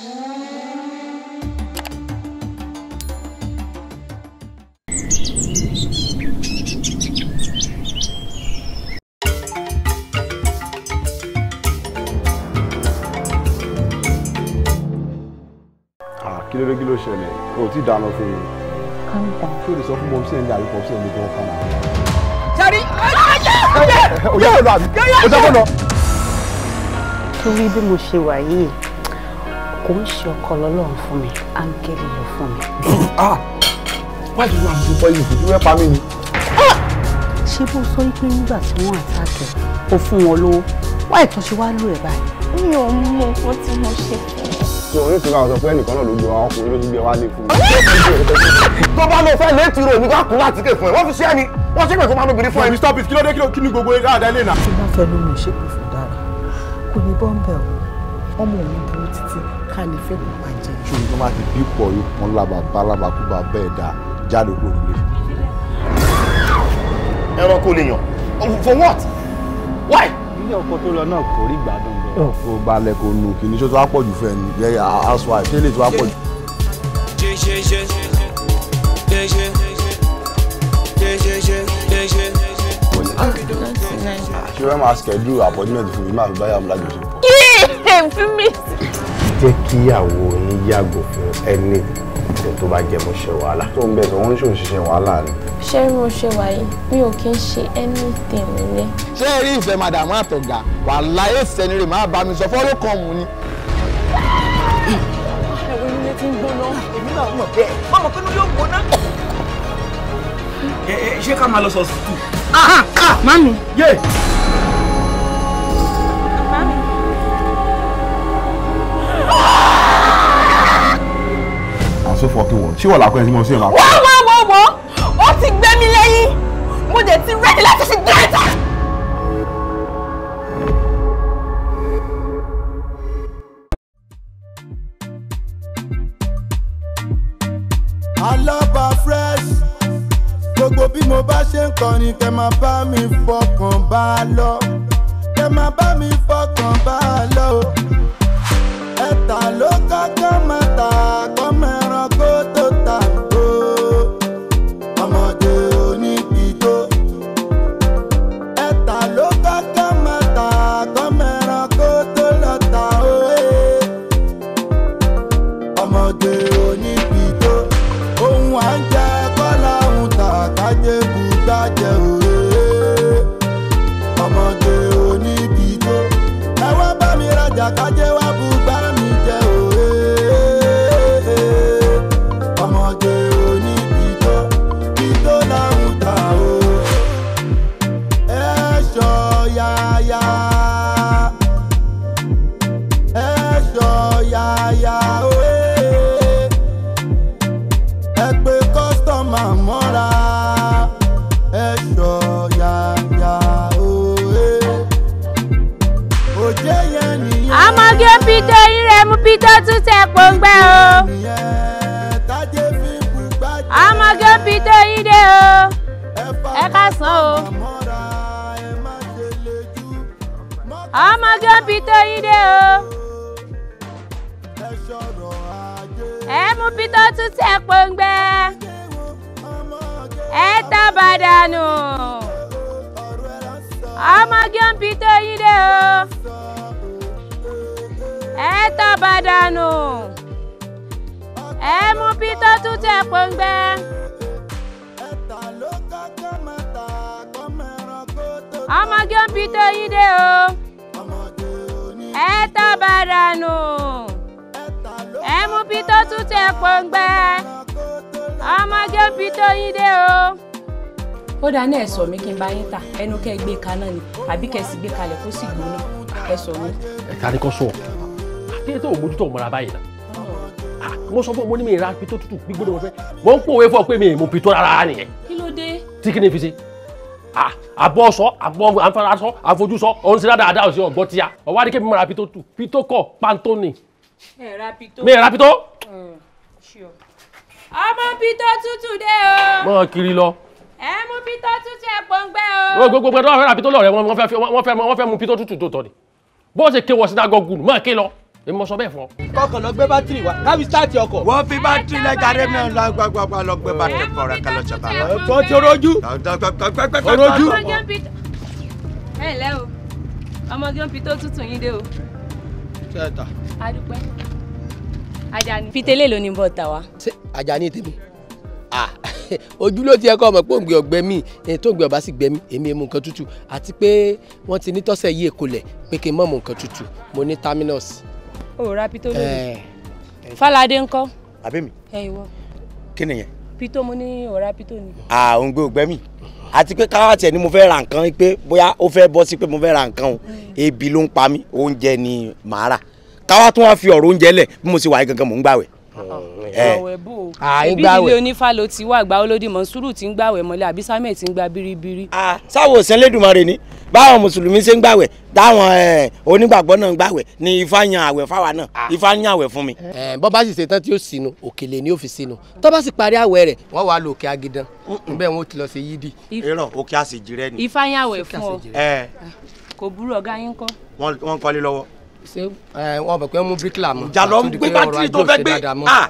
kílódé kí ló ṣẹlẹ̀ o ti dáná fún mi. kánta. kí o lè sọ fún mọ́mísí ẹ̀ ń darí fọ́ọ̀sì ẹ̀ ń gbọ́ kánà. sari ọjọ́ ọjọ́ ọjọ́ ọjọ́ ọjọ́. torí bí mo ṣe wà yìí kò ń ṣe ọkọ lọ́lọ́run fún mi áńgẹ́lì ló fún mi. wọ́n ti máa dúpọ̀ yìí kò dúpẹ́ pa mí ni. Ah! ṣé bó sọ pé nígbà tí wọ́n àtàkẹ́ ó fún wọn lówó wá ìtàn ṣe wá lù ẹ̀ báyìí. mi ò mú nǹkan tí mo ṣe fún un. ṣé orí ìtura ọ̀sán pé ẹnìkan náà ló gbé wa ọkùnrin ló ti gbé wa lé fún mi. tó bá lọ fẹ́ létí ro nígbà kú láti ké fún ẹ wọ́n fi ṣe ẹni wọ́n ṣe pé o ọmọ òun ká lè fẹ́ kó máa jẹ. ṣùgbọ́n tó máa ti bí pọ̀ yóò pọ́n lába bálábà kú bá bẹ́ẹ̀ dà jáde kúrò nílé. ẹranko lè yàn for what why. ilé ọkọ tó lọ náà kò rí gbádùn bẹ́ẹ̀. kò balẹ̀ kò nù kí ni ṣé tó wá pọ̀ jù fẹ́ ni jẹ́ housewife ṣé lè tó wá pọ̀ jù. ṣe ṣe ṣe ṣe ṣe ṣe ṣe ṣe ṣe ṣe ṣe fẹ́ máa schedule appointment fún mi máa fi báyà mu lájọṣepọ̀. fún mi jẹ́ kí ìyàwó yín yàgò fún ẹni ìṣẹ̀ tó bá jẹ mọ́ ṣe wàhálà. tó ń bẹ tó ń ṣòun ṣiṣẹ́ wàhálà ni. ṣé mo ṣe wáyé mi ò kí ń ṣe anything nílé. ṣé ẹ rí ìfẹ́ màdàmú àtọ̀gà wà láyé sẹ́ni rè máa bá mi sọ fọ́rọ́ kan mú ni. ẹ̀rọ ilé ṣé ká máa lọ sọ sùkúù. mami. yé. Yeah. so fucking wọ́n ṣé wọ́n làákọ́ ẹ̀ sí sí ẹ̀ máa. wọ́n wọ́n wọ́n wọ́n ó ti gbé mi lẹ́yìn mo dẹ̀ ti rẹ́dí láti ṣe gẹ́ẹ̀tà. Alaba fresh gbogbo bí mo bá ṣe ń kọrin kẹ máa bá mi fọkàn bá a lọ kẹ máa bá mi fọkàn bá a lọ ẹ̀ta ló kọ́kọ́ máa. pọ́ngbẹ́ o ọmọge pito yín dé o ẹ ká sàn o ọmọge pito yín o ẹ mú pito tún tẹ pọ́ngbẹ́ ẹ tábà dànù ọmọge pito yín dé o ẹ tábà dànù pọ́ngbẹ́ pọ́ngbẹ́. ọmọge ń bi tó yí dé o ẹ tọ́ bàrà nù ẹ mú bi tó tútù ẹ pọ́ngbẹ́ ọmọge ń bi tó yí dé o. ó dáa ní ẹ̀sọ́ mi kí n bá yín ta ẹnu kẹ́ ẹ gbé kaná ni àbí kẹ́ ẹ sì gbé kalẹ̀ kó sì gbóná ẹ̀sọ́ mi. ẹ̀ka ni kò sọ ọ́ àti ètò òmójútó ọmọ báyìí náà. Ah, mo sọ fún mo ní mi ra pitó tútù gbígbóná mo fẹ́ mo ń pòwe fún ọ pé mi mo pitó rárá nìyẹn. kí ló dé. tí kí ni fi ṣe ah, àbọ̀ sọ àbọ̀ àǹfààní sọ àfojú sọ òun ṣe dáadáa òsì ọ̀gbọ́n tíya ọ̀wá ni kí mi ra pitó tù pitó kọ̀ pantó ni. mi ra pitó. ọmọ mm, pitó tútù dé o. mọ kiri lọ. ẹ mú pitó tútù ẹ pọ̀ngbẹ́ o. gbogbo gbogbo ẹ tó fẹ́ ra pitó lọ́rẹ́ wọn fẹ́ mú pitó tútù tó tọ̀ ni bó ṣe ké wọ sinagogun mọ̀ ké lọ èmi mo sọ bẹ́ẹ̀ fún ọ. kọkàn lọ gbé bátìrì wa kábi sáàtì ọkọ̀. wọ́n fi bátìrì lẹ́jà rẹ̀ mi lọ gbàgbàgbà lọ gbé bátìrì fọ̀rọ̀ ká lọ ṣàbà. ọ̀tọ̀ ti rojú. rojú. ẹ ǹlẹ́ o ọmọge ń fi tó tútù yín dé o. kẹta. adúpẹ́ Àjàní. fi tẹ́lẹ̀ ló ní bọ́ ta wa. ṣé Àjàní tèmi ojú ló ti ẹ kọ ọmọ pé òǹgbẹ ọgbẹ mi eh, tó ń gbẹ ọba sì gbẹ mi èmi èmu nǹkan tútù àti pé wọn ti ní tọ́sẹ̀ yí èkó lẹ̀ pé kí n mọ̀ mọ̀ nǹkan tútù mo ní terminus o ra pito lónìí eh, eh. Fálàdé ńkọ́. àbẹ́mi. ẹ ìwọ. kí nìyẹn. pito mo ní o ra pito ni. à òun gbé ògbẹ́mì àti pé káwá tiẹ̀ ni mo fẹ́ ra nǹkan pé bóyá ó fẹ́ bọ́ sí pé mo fẹ́ ra nǹkan o mm. ebi ló ń pa mí oúnjẹ ni màá rà káwá tún wá fi ọ̀rọ̀ oúnjẹ lẹ̀ bí mo ṣe wà yìí gangan mò ń Mm, oh, eh. àwẹ̀ bò ó ah, ibi ilé onífà ló ti wá àgbà olódì mọ̀súrù tí ń gbàwẹ̀ mọ́lẹ̀ àbí samuel tí ń gba biribiri. Ah, sáwọn òsín lẹ́dùnmọ́rẹ́ ni báwọn mùsùlùmí ṣe ń gbàwẹ̀ táwọn eh, onígbàgbọ́ náà ń gbàwẹ̀ ni ifá yan àwẹ̀ fáwa náà ah. ifá yan àwẹ̀ fún mi. Eh, bọ́ bá sì ṣe tán tí ó sínú òkèlè ni ó fi sínú tó bá sì parí àwẹ̀ rẹ̀ wọ́n wàá lo òkè agidan níbẹ̀ wọn ò ti lọ ṣe yídì. irọ́ òkè àṣejì rẹ ni. ifá yan àwẹ̀ fún ọ kò burú ọ̀gá yín kọ́. wọ́n kọ́lé lọ́wọ́ ṣé wọn bẹ̀ pé ń mú bíríkìlà mọ́. ìjà lọ ń gbé bátìrì tó fẹ́ gbé. Ah!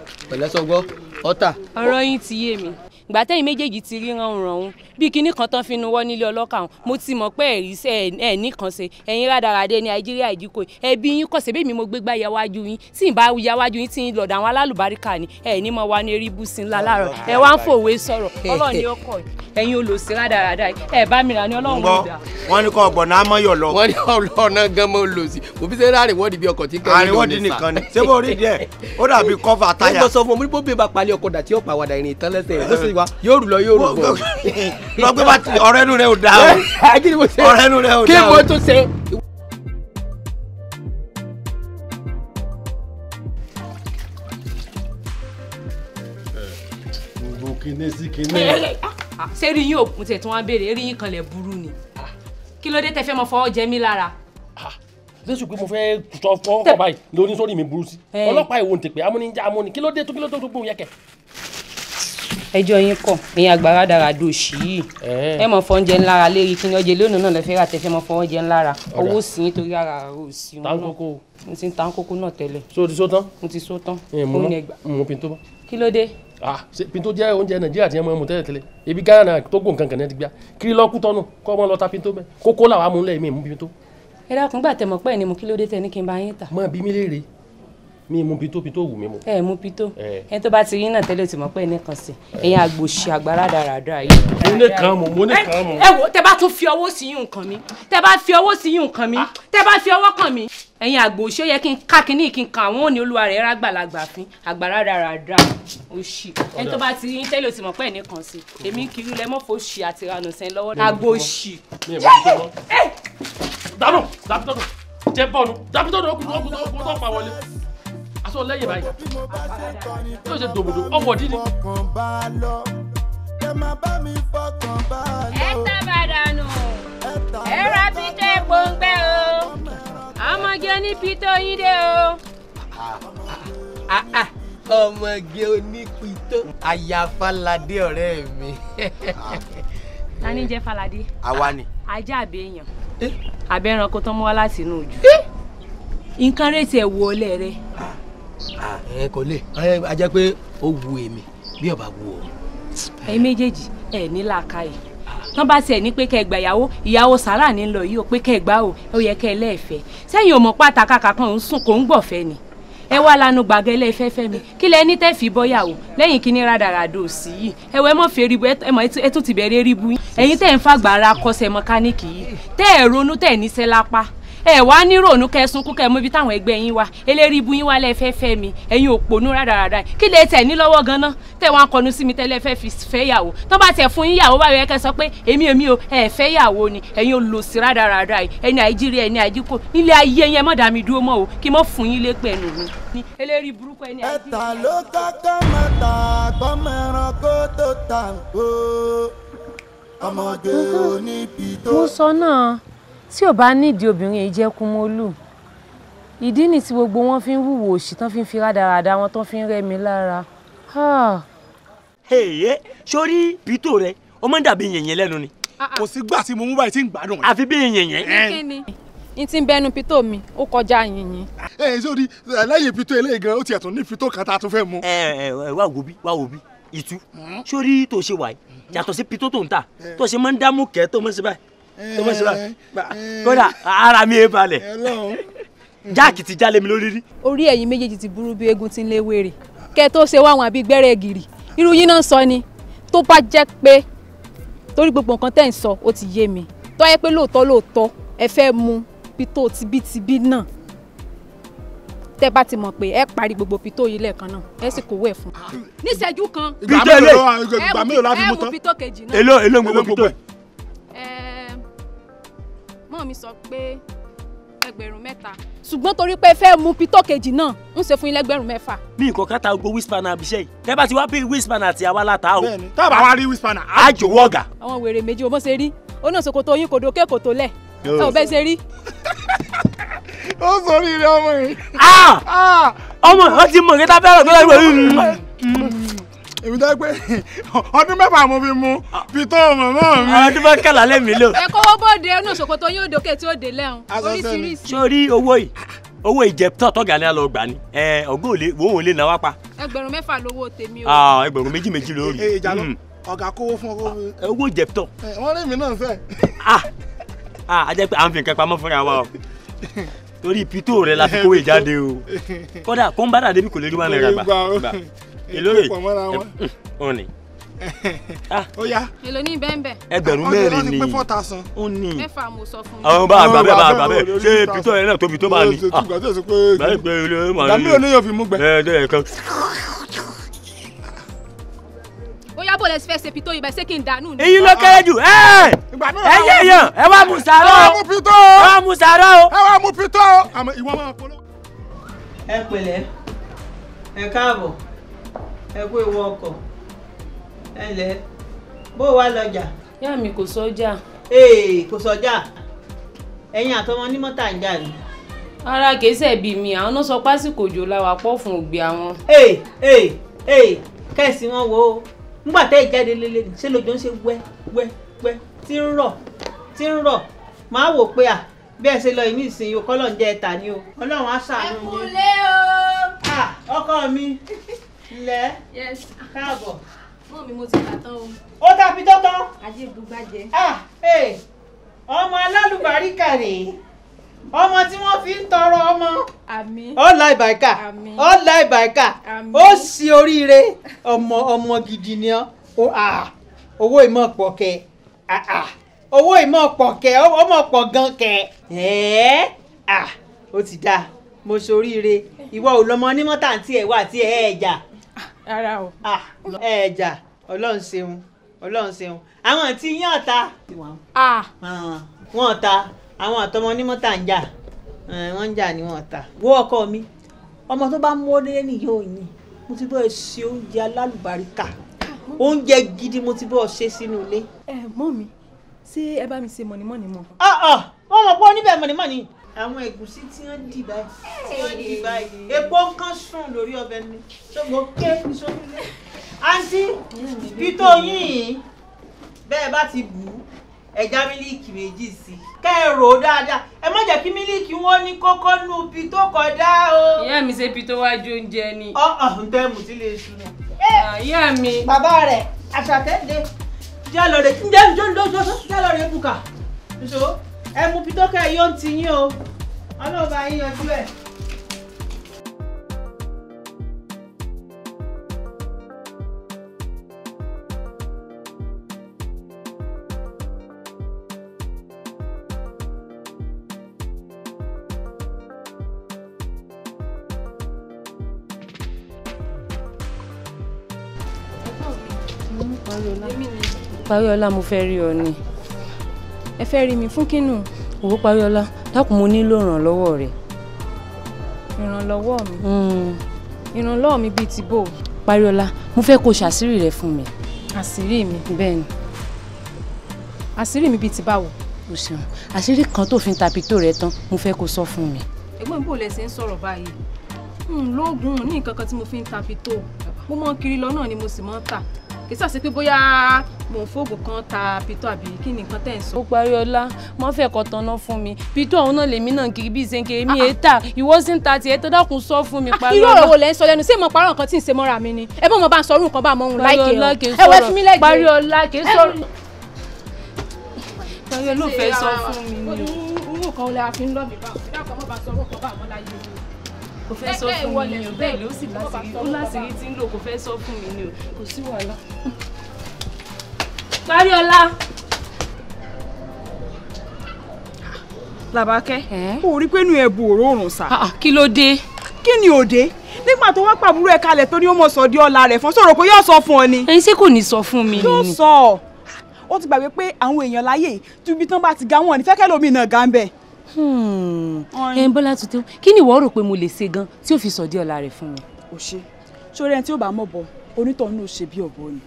ọ̀rọ̀ yín ti yé mi gbà tẹ́yìn méjèèjì ti ríran rànun bí kinní kan tán fi nu wọ́ nílé ọlọ́kà wọn mo ti mọ̀ pé ẹ̀rí sẹ́ ẹ̀ nìkan ṣe ẹ̀yin rádaràdé ní nàìjíríà ìdíkò ẹbí yín kọ̀ ṣe bẹ́ẹ̀mi mo gbé gbá yàwájú yín tí ì bá yàwájú yín tí ì lọ̀dọ̀ àwọn alálùbáríkà ni ẹ̀ ní mọ̀ wá ní eré ibùsùn ńlá láàárọ̀ ẹ̀ wá ń fòwe sọ̀rọ̀ ọlọ́run ni ó kọ̀ ẹ̀yin olùsí rádaràdá ẹ̀ bá mi rà ní ọlọ́run ló dà. wọ́n ní kọ́ ọ̀gbọ̀n náà mọ́yọ̀ lọ. wọ́n ní ọlọ́ọ̀nà gan mọ́ olùsí mo fi ṣe ráàrin wọ́ọ̀dì bí ọkọ̀ tí kan ní lónìí sá. àríwọ́ọ̀dì nìkan ni ṣé wa yóò rù lọ yóò rù bọ̀. lọ pé bàtì ọ̀rẹ́ nu rẹ ò dáa o ọ̀rẹ́ nu rẹ ò dáa o. kí mo tún ṣe. gbogbo sí kinní. Ah, ah, ṣé rí yín òkun tẹ̀ tí wọ́n á béèrè rí yín kanlẹ̀ burú ni kí ló dé tẹ fẹ́ mọ fọwọ́ jẹ mí lára ah, jésù pé mo fẹ́ sọ fọ́ ọkọ̀ báyìí lórí sórí mi burú sí ọlọ́pàá ìwọ̀n tèpè amúnijá amúni kí ló dé tó kí ló tó tó gbóhùn yẹkẹ ẹjọ́ yín kọ̀ ẹ̀yin agbára dára do yìí ẹ mọ̀ fọ́ oúnjẹ ńlára lérí kí ni ọjẹ́ lónìí náà lẹ́fẹ́ rà tẹ́fẹ́ mọ̀ fọ́ oúnjẹ ńlára owó sí yín torí ara rà ó sí wọn. tankoko n ti tankoko náà tẹ́lẹ̀. so o ti so tán. n ti so tán. mo pinto kí ló dé. ah pinto jẹ́ oúnjẹ nàìjíríà tí wọ́n mọ̀ tẹ́lẹ̀ tẹ́lẹ̀ ebi ghana togo nǹkan kan ti gbá kiri lọ́kú tọ́nu kọ́ mọ́ lọ ta pinto bẹ́ẹ̀ kókó làwọn amúlẹ̀ mi mú pinto. ẹ dákun gbà tẹ̀mọ̀ pẹ́ẹ́ ni mo kí ló dé tẹ mi mú pito pitó wù mí mu. ẹ mú pitó ẹ tó bá ti rí náà tẹ́lẹ̀ tí mo pẹ́ nìkan sí ẹ̀yin àgbòsí àgbàrá dáradára yìí. mo ní kan mu mo ní kan mu. ẹ wo tẹ bá tún fi ọwọ́ sí yún nǹkan mi tẹ bá fi ọwọ́ sí yún nǹkan mi tẹ bá fi ọwọ́ kàn mí. ẹ̀yin àgbòsí ó yẹ kí n ká kínní kí n kan àwọn òní olúwa rẹ̀ rágbàlagbà fín àgbàrá dáradára òṣì ẹ tó bá ti rí tẹ́lẹ̀ tí mo pẹ́ nìkan sí èmi kiri lẹ mọ́fọ́ òṣì àti ìranù sẹ́yìn lọ́wọ́ àgbòsí. dáná dábítọ́dọ̀ jẹ́ bọ́ọ̀lù dábítọ́dọ̀ ọkùnrin ọkùnrin ọkùnrin tó pa wọlé aṣọ lẹ́yìn báyìí yóò ṣe dòbòdò ọwọ́ dídì. ẹ tábàdànù ẹ ra pító epo o ọmọge ní yín dé o. ọmọge onípító aya Fálàdé ọ̀rẹ́ mi. ta ni jẹ́ Fálàdé. àwa ni. ajá àbẹ̀yàn abẹ́ranko eh? tán mọ́ wá láti inú ojú eh? nǹkan rẹ̀ tiẹ̀ wọlé rẹ̀ ẹ kò lè a jẹ pé ó wu èmi bí ọba wu o. ẹ̀yin méjèèjì ẹ ní làákàyè tán bá tiẹ̀ ní pé kẹ́ ẹ gba ìyàwó ìyàwó sàrà ní lọ yìí ó pé kẹ́ ẹ gbá o ó yẹ kẹ́ ẹ lẹ́ẹ̀fẹ́ sẹ́yìn ò mọ̀ pàtàkì kankan òun sùn kò ń gbọ̀fẹ́ ni ẹ wá lanu gbàgẹ́lẹ́ fẹ́fẹ́ mi kí lẹ ní tẹ́ẹ̀ fi bọ́yàwó lẹ́yìn kí ní rádaràdà òsì yìí ẹ wẹ́ mọ̀ fẹ́ ribu ẹ tún ti bẹ̀rẹ̀ ribu yín ẹ̀yin tẹ́ ẹ̀ ń fagbára kọsẹ̀ mọkáníìkì yìí tẹ́ ẹ̀ ronú tẹ́ ẹ̀ níṣẹ́ lápá ẹ wá ní ròònú kẹsunkún kẹ mú ibi táwọn ẹgbẹ́ yín wá eléri ibu yín wá lẹ́ẹ̀fẹ́ fẹ́ mi ẹ̀yin òpònú rádaràdà kí lè tẹ̀ ní lọ́wọ́ gan-an tẹ̀ wá sí mi tẹ́lẹ̀ fẹ́ fi fẹ́ yàwó tó bá tẹ̀ fún yín yàwó báyọ̀ ẹ kẹ́ sọ pé èmi èmi o ẹ fẹ́ yàwó ni ẹ̀yin olòṣì rádaràdà ẹni àìjírí ẹni àìjíkò nílé ayé yẹn mọ́ dàmí dúró mọ́ o kí mọ́ fún yín lé pẹ̀lú mi eléri burúkú ẹni àìjírí. ẹ̀ta ló kọ́kọ́ tí ò bá nídìí obìnrin yìí jẹ́ Kúmọ́lù ìdí nì tí gbogbo wọn fi ń wúwo òṣì tán fi ń fi rádaràda wọn tán fi ń rẹ́mi lára. Ah. Eh, sórí pító rẹ ọmọ ń dàbí yẹ̀yẹ̀ lẹ́nu ni. Ah, ah. kò sí gbà tí mo mú báyìí tí ń gbádùn rẹ. àfi bí yẹ̀yẹ̀ n ti bẹnu pító mi ó kọjá yìnyín. ẹ ẹ sórí lẹ́yìn pító eléyìí gan ó tiẹ̀ tún ní pító kan tá a tún fẹ́ mu. ẹ ẹ wá wo bí wá wo bí ìtú hmm? sórí tó ṣe wà yìí yàtọ̀ sí pító tó ń ta tó ṣe máa ń dá kẹ́ tó máa ń ṣe báyìí tó bá ṣe báyìí kódà ara mi ẹ balẹ̀ jáàkì ti jálẹ̀ mi lórí rí. orí ẹ̀yin méjèèjì ti burú bí eégún ti ń lé wèrè kẹ́ ẹ tó ṣe wá àwọn àbí gbẹ́rẹ́ gìrì irú yín náà sọ ni tó bá jẹ́ pé torí gbogbo nǹkan tẹ́ ń sọ ó ti yé mi tó yẹ pé lóòótọ́ lóòótọ́ ẹ fẹ́ mu pító tibítibí náà tẹ́ bá ti mọ̀ pé ẹ parí gbogbo pító yìí lẹ́ẹ̀kan náà ẹ sì kówó ẹ̀ fún un. níṣẹ́jú kan ẹ wo pító kejì náà. èló èló gbogbo pító ẹ mọ́ mi sọ pé ẹgbẹ̀rún mẹ́ta ṣùgbọ́n torí pé fẹ́ mú pitọ́ kejì náà ń ṣe fún yín lẹ́gbẹ̀rún mẹ́fà. mi nǹkan ká ta gbogbo wíṣpanà àbíṣẹ́ yìí tẹ́ bá ti wá bí wíṣpanà àti àwa láta o. bẹ́ẹ̀ni tá a bá wá rí wíṣpanà á jòwó ọ̀gá. àwọn wèrè méjì o bó ṣe rí ó náà ṣòkòtò yín kò dókè kò tó lẹ̀ ẹ ò bẹ́ẹ̀ ṣe rí. ó sọrí rẹ ọmọ yìí. Ah! Ah! ọmọ ọ mọ̀ kí tá tó lọ́ọ́ èmi tó pé ọdún mẹ́fà mo fi mu fi tó mọ̀mọ́ mi. ọdún mẹ́kànlá lẹ́mìí lò. ẹ kówó bóde inú ṣòkòtò yóò dókè tí ó dé lẹ́hùn oríṣiríṣi. sórí owó yìí owó ìjẹ́pútọ̀ tọ́gà ni a lọ gbà ni ẹ ọgbọ́n òlé wọ́n òlé náà wá pa. ẹgbẹ̀rún mẹ́fà lówó tèmi o. ẹgbẹ̀rún méjì méjì lórí. ìjà lọ hmm. ọ̀gá kówó fún ọkọ mi. owó ìjẹ́pútọ̀. wọ́n rí mi náà fẹ́. a jẹ́ pé à ń fi nǹkan pamọ́ fúnra wa o torí pitó rẹ̀ la fi kówó ìjáde o kódà kọ́ńbàdà débi kò lè rí wa náírà gbà èlò rẹ̀ òun ni. ó yá. èlò ní bẹ́ẹ̀nbẹ́ẹ̀. ẹgbẹ̀rún mẹ́rin ni ó ní. mẹ́fà mo sọ fún mi. àwọn bá àgbà bẹ́ẹ̀ bá àgbà bẹ́ẹ̀ ṣé pító yẹn náà tóbi tó bá ní. Ah. gbàgbé olóyè fi mú gbẹ. bóyá bò lè fẹ́ ṣe pító ibà ṣé kí n dànù ni. èyí ló kéré jù ẹ yé èèyàn ẹ wá mú sàárọ̀ ẹ wá mú sàárọ̀ ẹ wá mú pító. ẹ pẹ̀lẹ́ ẹ káàbọ̀. ẹ kó ìwọ ọkọ̀ ẹ lẹ́ bó wà lọjà? yá mi kò sọjà. ee kò sọjà ẹ̀yin àtọmọ ní mọ́tà ń jà rí. ara kèésẹ̀ bíi mi àwọn náà sọ pásìkò òjò làwà pọ̀ fún ògbé àwọn. ee ee ee kẹ́sì wọn wo ngbà tẹ́ ìjáde lélẹ̀ ṣé lójó ń ṣe wẹ́ wẹ́ wẹ́ tí ń rọ̀ tí ń rọ̀ máa wò pé à bí ẹ ṣe lọ yìí nísìnyí o kọ́lọ̀ ń jẹ́ ẹ̀ta ni o ọlọ́run á ṣàánú yín. ẹ kúlé o. ọkọ mi. Yes. káàbọ̀. mọ́ mi mo ti kà tán o. ó tàbí tọ́tán. ajé gbúgbàjẹ. ọmọ alálùbáríkà rèé ọmọ tí wọ́n fi ń tọrọ ọmọ. àmín. ó la ìbàkà. àmín. ó la ìbàkà. àmín. ó sì oríire ọmọ ọmọ gidi ni ó owó ìmọ̀ pọ̀ kẹ owó ìmọ̀ pọ̀ kẹ ọmọ pọ̀ gan kẹ ó ti dáa mo ṣoríire ìwọ ò lọmọ onímọ̀ tàǹtí ẹ̀ wà tí ẹ̀ ẹ̀ jà ara o. Ah, ẹ̀ẹ́dà ọlọ́run ṣeun ọlọ́run ṣeun àwọn àti yín ọ̀tá. Ah. Ah, wọn ọ̀tá àwọn àtọmọ onímọ̀ tà ń jà eh, wọ́n ń jà ní wọn ọ̀tá. wo ọkọ mi ọmọ tó bá mú ó délé nìyẹn ò ní mo ti bọ́ ẹ ṣe oúnjẹ alálùbáríkà oúnjẹ gidi mo ti bọ́ ọ ṣe sínú ilé. ẹ mọ mi ṣé ẹ bá mi ṣe mọ̀nìmọ̀nì mọ́. wọ́n mọ̀ pé oníbẹ̀ mọ̀nìmọ̀nì àwọn ẹ̀gúsí tí wọ́n dì báyìí tí wọ́n dì báyìí epo kan sùn lórí ọbẹ̀ ni ṣògbó ké sórí ilé àǹtí pító yín yìí bẹ́ẹ̀ bá ti bù ú ẹja mílíìkì méjì sí i kẹ́ ẹ rò ó dáadáa ẹ má jẹ́ kí mílíìkì wọn ní kókó nu pító kọjá o. ìyá mi ṣe pító wájú oúnjẹ ni. ọ ọ n tẹ mú sílé iṣu náà. ìyá mi. bàbá rẹ àṣàkẹ́ de jẹ́ lọ́ọ̀rẹ́ ǹjẹ́ ǹjọ́ ǹjọ́ ǹjọ́ jẹ́ lọ́ọ̀rẹ́ bùkà. ǹṣọ́ ẹ mú pitókẹ́ yóò ń ti yín o ọlọ́ọ̀bá yín yanjú ẹ̀. Paríọlá mo fẹ́ rí ọ ni ẹ fẹ́ rí mi fún kínú. òwò pariola dákun mo nílò ìrànlọ́wọ́ rẹ. ìrànlọ́wọ́ mi. Hmm. ìrànlọ́wọ́ mi bíi ti bò. pariola mo fẹ́ kó ṣàṣírí rẹ fún mi. àṣírí mi. bẹ́ẹ̀ni. àṣírí mi bíi ti báwo. o ṣeun àṣírí kan tó fi ń tapitó rẹ tán mo fẹ́ kó sọ fún mi. ẹ̀gbọ́n mi bò lẹ ṣe ń sọ̀rọ̀ báyìí n hmm, lóògùn ní nǹkan kan tí mo fi ń tapitó mo mọ kiri lọ náà ni mo sì mọ ta kì í sọ̀ sí pé bóyá mò ń fóògùn kan ta pító àbí kí ni nǹkan tẹ̀ ń sọ. ó parí ọlá má fẹ́ kọ́ tanná fún mi pító ọ̀hún náà lèmi náà kiri bí ìsèǹkè mi ah, ah. èé tà ìwọ sí ń ta tiẹ̀ tó dákun sọ fún mi irú ọ̀rọ̀ wo lẹ́ ń sọ lẹ́nu sí ìmọ̀ parọ́ nǹkan tí ń ṣe mọ́ra mi ni ẹ bọ́ mo bá ń sọ orúkọ bá mọ́ òun láìkẹ́ ẹ wẹ́ fún mi lẹ́jọ́ parí ọlá kì í sọ̀rọ̀ kan yóò lóòfẹ́ sọ fún mi ni kò fẹ́ sọ fún mi ni o bẹ́ẹ̀ ló sì láṣìírí ó láṣìírí tí ń lò kò fẹ́ sọ fún mi ni o kò sí wàhálà. Pariola. Làbákẹ́ ó rí pé inú ẹ̀ bu òróòrùn sá. Ah, ah, kí ló dé. kí ni òde nígbà tó wá pàmúrò ẹ̀ kalẹ̀ tó ní ó mọ̀ sọ di ọ̀la rẹ̀ fún sọ̀rọ̀ pé yóò sọ fún ọ ni. ẹyin ṣé kò ní sọ fún mi ni. yóò sọ ó ti gbàgbé pé àwọn èèyàn láyè tí bá ti ga wọn ní fẹ́kẹ́ lómi náà gà ń bẹ̀. Hmm. ẹ ń bọ́lá tuntun kí ni ìwọ rò pé mo lè ṣe gan tí ó fi sọ̀dí ọ̀la rẹ̀ fún mi. ò ṣe sórí ẹni tí ó bá mọ̀ bọ onítọ̀hún ló ṣe bí ọ̀bọ ni.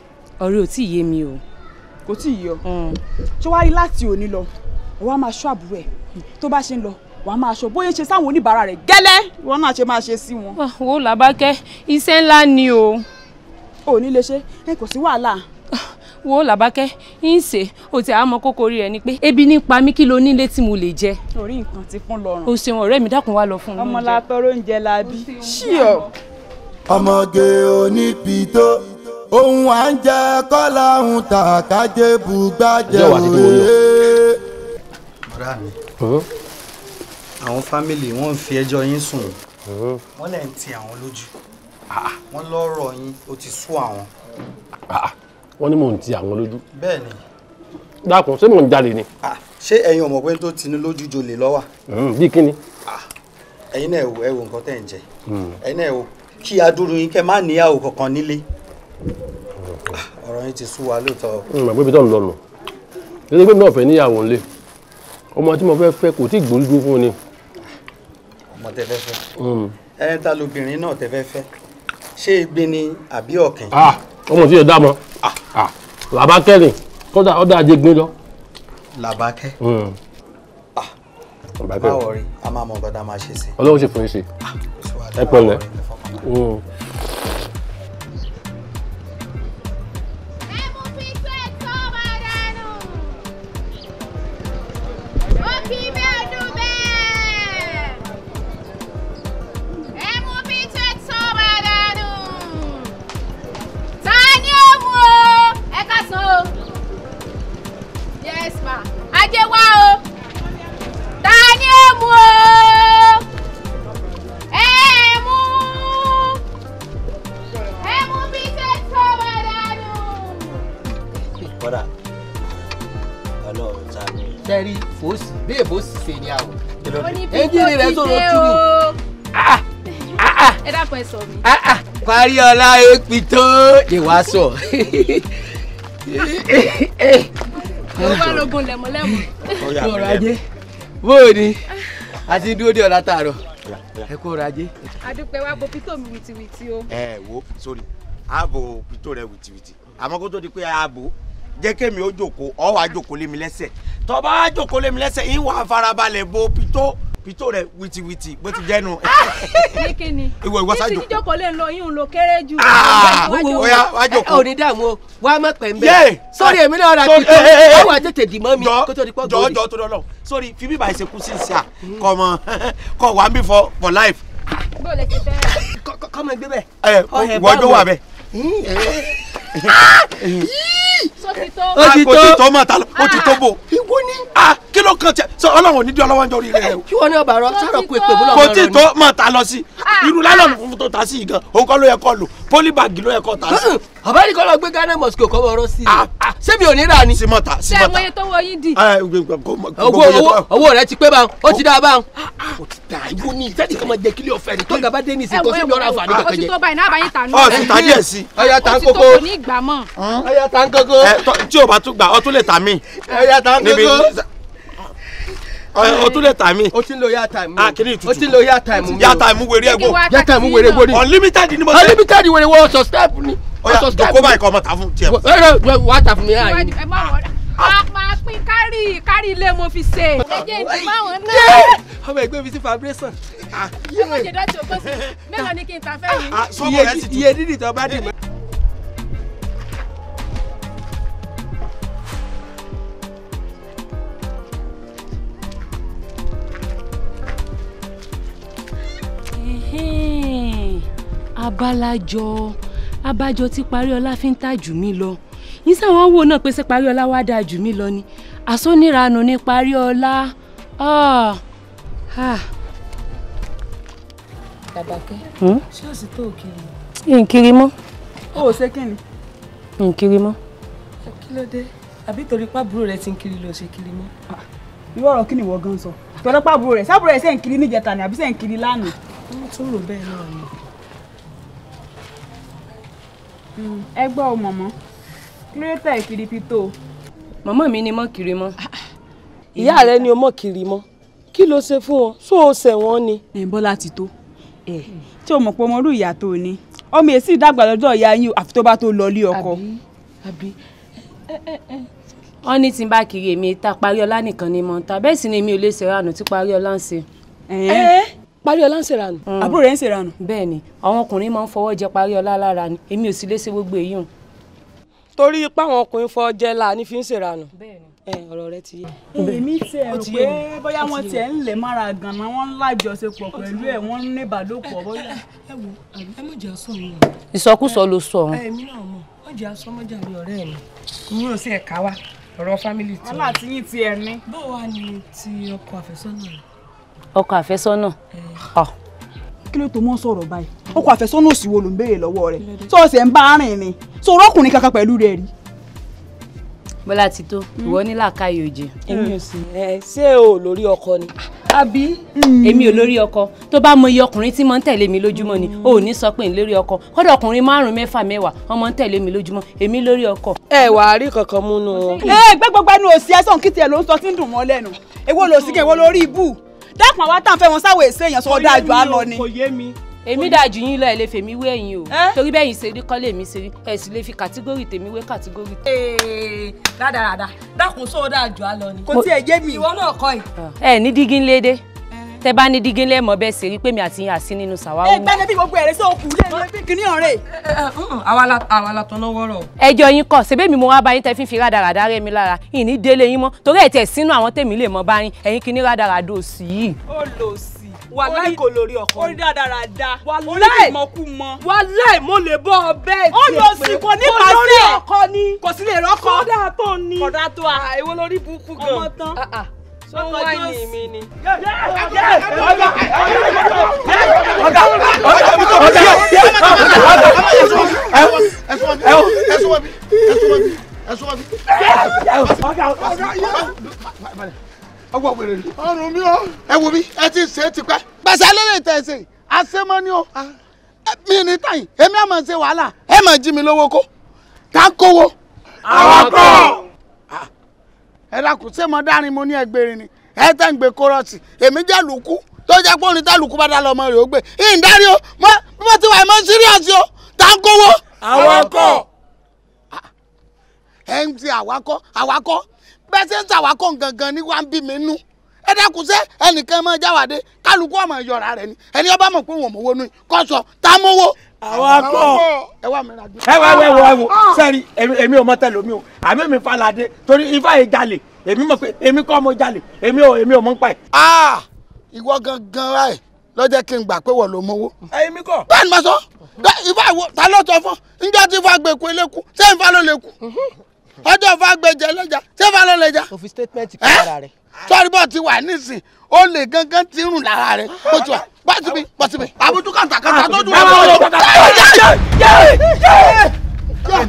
ọ̀rẹ́ ò tí ì yé mi o. kò tí ì yọ hmm. ṣé wàá rí láti òní lọ wàá máa ṣọ́ àbúrò ẹ̀ tó bá ṣe ń lọ wàá máa ṣọ́ bóyá ṣe sáwọn oníbàárà rẹ̀ gẹ́lẹ́ wọn náà ṣe máa ṣe sí wọn. Ah, wo làbákẹ́ iṣẹ́ ńlá ni o. ò ní lè ṣe ẹ kò sí wàhálà wo làbákẹ́ ń ṣe o ti àmọ́ kókó rí rẹ ni pé ebi ní pa mí kí lo nílé tí mo lè jẹ. orí nǹkan ti fún lọ́rùn. o ṣeun ọ̀rẹ́ mi dákun wá lọ fún un. ọmọ la oúnjẹ la bí. ṣíọ. ọmọge onípìtó ohun à ń jẹ kọ́lá ń ta kájé bùgbàjẹ́ òye. bọ́dà mi àwọn fámìlì wọn ń fi ẹjọ́ yín sùn wọ́n lẹ́ ń ti àwọn lójú ah. wọ́n lọ́rọ̀ yín ó ti sú àwọn. Ah wọ́n ní mò ń ti àwọn lójú. bẹ́ẹ̀ni. dákun ṣé mò ń jalè ni. ṣé ẹ̀yin ọmọ pé tó tinú lójú jolè lọ́wà. Hmm, bí kíni. ẹ̀yin náà ẹ wo nǹkan tẹ̀ ń jẹ hmm. ẹ̀yin náà ẹ wo kí adúrú yín kẹ́ má níyàwó kankan nílé ọ̀rọ̀ yín ti sú wa lóòótọ́. mọ̀ pé ibi tó ń lọ nù lórí pé mi náà fẹ́ níyàwó ńlẹ̀ ọmọ tí mo fẹ́ fẹ́ kò tí ì gbórí dúró fún ni. ọmọ tẹ fẹ́ fẹ́ hmm. ẹni ọmọ tí yẹ dá mọ ah, ah. làbákẹ́ ni kódà ọ̀dà àjẹgbin lọ. làbákẹ́. Hmm. Ah. báwo rí a máa mọ nǹkan máa ṣe sí. ọlọ́run ṣe fún yín ṣe ẹ pẹ̀lẹ́. lásán o yes ma ajé wá o ta ni ó mú o ẹ mú ẹ mú bí tẹ́ tó wà dànù. kọ́dà ọlọ́run ta mi. tẹ́rí fòsì bí èbó sì ṣe ni àwọn. ẹ́ńjìnì rẹ̀ sọ̀rọ̀ túbú. Ah, ah, ah, ẹ dákun ẹ sọ mi. parí ọlá epi tó ìwàásù. mo bá lógun lẹ̀mọ́lẹ́mọ́. ọ̀rọ̀ ajé bóò ni àti dúró dé ajé. wa bo pító mi wìtìwìtì o. ẹ wo pító rẹ wìtìwìtì àmọ́ di pé ààbò jẹ́ kémi ó mi lẹ́sẹ̀ jòkó mi bo pító rẹ wìtìwìtì bó ti jẹ́ nu. Ah! ní kíni ìwọ ìwọ sájò. títí jókòó lè lọ yín ló kéré jù. Ah! wọ́n yá wá jókòó. òde dààmú o wà á mọ̀ pẹ̀ ń bẹ̀. sórí ah! èmi náà ra pító ó wà tètè dì mọ́ mi kó tó di pọ́ gbòòrè. jọ̀ọ́ jọ̀ọ́ tó dọ́lọ́ sórí fi bíbá ìṣekú sí ìṣà kọ́ mọ kọ́ wà ń bí for for life. bó o lè ti fẹ́. kọ́ mọ gbé bẹ́ẹ̀. ẹ wọ́n jọ wà bẹ́ẹ̀. Hmm. Ah! Ah! ó ti tó ó ti tó mọ ta lọ ó ti tó bò. ìwọ ni. a ah! kí ló kàn tẹ sọ Ọlọ́run ò ní di ọlọwọ njọ rírẹ o. kí wọn ní ọba rọ sọ̀rọ̀ kú èpè bọlọ. kò tí tó mọ ta lọ sí irú lálọ́ọ̀nù funfun tó ta sí yìí gan òun kọ́ ló yẹ kọ́ lò pólíbàgì ló yẹ kọ́ ta sí. bàbá ní kọ́ lọ gbé Ghana mosque kọ́ bọ̀ ọ̀rọ̀ sí i. sẹ́mi ò ní rà ni. simọ́ta simọ́ta. ṣé àwọn yẹn tó wọ yín di. owó rẹ ti pé báwọn ó ti dá báwọn. ó ti dá ìwọ ni ìfẹ́ni kan máa jẹ kílẹ̀ ọ̀fẹ́ ni tó gàba dé ní ìsìn kó sí mi ọ̀rọ̀ àǹfààní kankan jẹ. ọ̀sìn tó báyìí náà báyìí tà nù. ọ̀sìn tà díẹ̀ sí. ọ̀yà tà ń kókó gbà mọ́. ọyá ta ń kókó. tí o bá tún gbà ọ tún lè ta mí. ọyá ta ń kókó. o tún lè ta mí. o ti lo ya time. a kiri tutu o ti ń lo ya ah, time mi. ya time wèrè ẹgbó. ya time wèrè ẹgbó ni. unlimited ni mo fẹ́. unlimited wèrè wọ ọsọ step ni. ọsọ step ni. kó báyìí kọ́ ọmọ ta fún tiẹ̀. wà á ta fún mi láàyè. ẹ má wọlé máa pín kárí kárí ilé mo fi ṣe. ẹjẹ ìdí máwọn náà. ọmọ ẹgbẹ́ mi sí vibration. ṣé ah, mo ṣe dọ́tí ògbó sí mélòó ni kí n ta fẹ́ mi. Ah, iye dídì tó bá dì mọ́. abalajọ abájọ tí paríọlá fi ń tà jù mí lọ yín sáwọn wò náà pé ṣé paríọlá wàá dáa jù mí lọ ni àsóníranù ni paríọlá. Làbàkẹ́ ah, ah. hmm? ṣọ́ọ̀ṣì tó kiri. nkiri mọ́. o ò ṣe kíni. nkiri mọ́. kí ló dé àbí torí pàbúrò rẹ ti ń kiri ló ṣe kiri mọ́. Ah, irú ọ̀rọ̀ kí ni ìwọ gan sọ tọ́lọ́pàá àbúrò rẹ̀ sábúrò rẹ̀ ṣe ń kiri níjẹta ni àbí ṣe ń kiri lánàá wọ́n tún rò bẹ́ẹ̀ náà ni. Hmm, ẹ gbọ́ o mọ̀mọ́ kírẹ́tà ìkiri ti tó o. màmá mi ni mọ́ kiri mọ́. Ah, ah. ìyá rẹ ni o mọ́ kiri mọ́ kí ló ṣe fún wọn sọ ọ ṣẹ̀wọ̀n ni. ẹ bọ́lá ti tó. ẹ tí o mọ̀ pé ọmọ orú ìyá tó o ní ọmọ èsì ìdàgbà lọ́jọ́ ìyá yín àfi tó bá tó lọ ilé ọkọ. àbí wọ́n ní tí n bá kiri èmi ta Paríọlá nìkan ni mọ̀ ta bẹ́ẹ̀ sì ni mi ò lè ṣèrànù tí Paríọlá ń ṣe. ẹ ẹ Paríọlá ń ṣèrànù. Mm. àbúrò rẹ̀ ń ṣèrànù. bẹ́ẹ̀ ni àwọn ọkùnrin máa ń fọwọ́ jẹ Paríọlá lára ni èmi ò sì lè ṣe gbogbo èyí hàn. torí ipá àwọn ọkùnrin fọ jẹ la ní fi ń ṣèrànù. ẹ ọ̀rọ̀ rẹ ti yé. èmi ti ẹ̀ rò pé bóyá wọ́n ti ẹ̀ ń lẹ̀ mára gan-an wọ́n ń lájọṣepọ̀ pẹ̀lú ẹ̀ wọ́n ń ní ìbálòpọ̀ bóyá. ẹ wo ẹ mọ̀ jẹ́ sọ mi. ìsọkúsọ ló sọ ọ́n. èmi náà mọ̀ wọ́n jẹ́ asọ́mọ́jà ní ọ̀rẹ́ mi. mi ò sì ẹ̀ka wa ọ̀rọ̀ fámìlì tí. wọ́n láti yín ti ẹ̀ ní. bó wa ni ti ọkọ àfẹ́sọ́nà rẹ̀ ọkọ àfẹ́sọ́nà. kí ló tó mọ́ sọ̀rọ̀ báyìí ọkọ àfẹ́sọ́nà òsì wo ló ń béèrè lọ́wọ́ rẹ̀ tó ọ̀sẹ̀ ń bá rìn ni tó rọ́kùnrin kankan pẹ̀lú rẹ̀ rí. bọ́lá ti tó hmm. ìwọ ní làákàyè òjè. èmi ò sí. ẹ ṣé o lórí ọkọ ni. àbí hmm. èmi ò lórí ọkọ tó bá mọ iye ọkùnrin tí mo ń tẹ̀lé mi lójúmọ́ ni o ò ní sọ pé n lórí ọkọ kọ́dọ̀ ọkùnrin márùn-ún mẹ́fà mẹ́wàá ọmọ ń tẹ̀lé mi lójúmọ́ èmi lórí ọkọ. ẹ wàá rí kankan múnú wọn. ẹ gbẹ́gbẹ́gbẹ́ nu òsì ẹ̀sán kìtì dákun àwa tá à ń fẹ́ wọn sáwọ èsè èèyàn sọ dáa jù á lọ ni. kò yé mi èmi dájú yín lọ ẹ lè fèmí wé ẹ̀yin o torí bẹ́yìn ṣe rí kọ́lé mi ṣe rí ẹ sì lè fi kàtígórì tèmi wé kàtígórì. dáadáa dákun sóò dáa jù á lọ ni. kò tiẹ̀ yé mi. ìwọ náà kọ́ ẹ̀. ẹ ní dígí ń léde tẹ bá ní dígí lẹ́mọ̀ bẹ́ẹ̀ ṣe rí pé mi àti yín àsí nínú sàwáwù. ẹ gbẹ́ni bí gbogbo ẹ̀rẹ́ sí òkú lé ní ẹbí ọ̀rẹ́. àwa la lọ́wọ́ rọ̀. ẹjọ́ yín kọ̀ ṣebí mi mo wá bá yín tẹ́ fi fi rádaràdá rẹ̀ mi lára ìní délé yín mọ́ torí ẹ̀ tẹ̀ sínú àwọn tèmi lè mọ́ bá yín ẹ̀yin kìíní rádaràdó sí yìí. ó lò kò lórí ọkọ orí dáradára wàláì mọkúmọ wàláì mo lè bọ ọbẹ ètò ìpè olùsìn kò ní pàṣẹ lórí ọkọ ni kò sí lè rọkọ kódà tó wọ́n mi ẹ wo mi ti ṣe é tipẹ́. gbèsè lórí ìtẹ̀sẹ̀ o mi ní tàyìn èmi àmọ̀ ṣe wàhálà ẹ máa jí mi lówó kó tá a kówó. àwọn kọ́ ẹ dákun ṣé mo dárin mo ní ẹgbẹ̀rin ni ẹ tẹ̀ ń gbé kórọ́ọ̀sì èmi jẹ́ lùkú tó jẹ́ pé orin tẹ́lùkú bá dá lọ ọmọ rẹ̀ ó gbé ìyìn dárí o mọ bí mo ti wà mọ síríọ̀sì o tá ń kówó. awakọ̀. ẹ ń ti awakọ̀ awakọ̀ bẹ́ẹ̀ ṣe ń ta awakọ̀ gangan ní wá bí mi nú ẹ dákun ẹnìkan máa jáwàdé kálukú ọmọ ìyọ̀ra rẹ̀ ni ẹni ọba mọ̀ pé wọn mọ̀ wọnú kọ́ sọ tá mọ́wọ́ àwa kọ ẹ wà mí rajú. ẹ wá wẹ wọ ẹwọ sẹri èmi ò mọ tẹ́lẹ̀ omi o àmì mi falade torí ifá yìí jalè èmi mọ pé èmi kọ́ mo jalè èmi ò èmi ò mọ pa ẹ. aa ah! ìwọ gangan ra ẹ lọ́jọ́ kí n gbà pé wọ́n ló mowó. èmi kọ. bẹ́ẹ̀ ni mo sọ ifá ìwọ ta ló sọ fún njẹ́ tí ifá gbé ku eléku ṣé ifá ló lè ku ọjọ́ ifá gbé jẹ lẹ́jà ṣé ifá ló lè jà. òfin statement kí ara rẹ̀ sọ́ọ́rí bọ́ọ̀ ti wà nísìn ó lè gángan ti rùn lára rẹ̀ ó ti wà bá ti mi bọ́ sí mi. àbójú kàńtà kàńtà tó dùn wọn lọ. ọ̀gá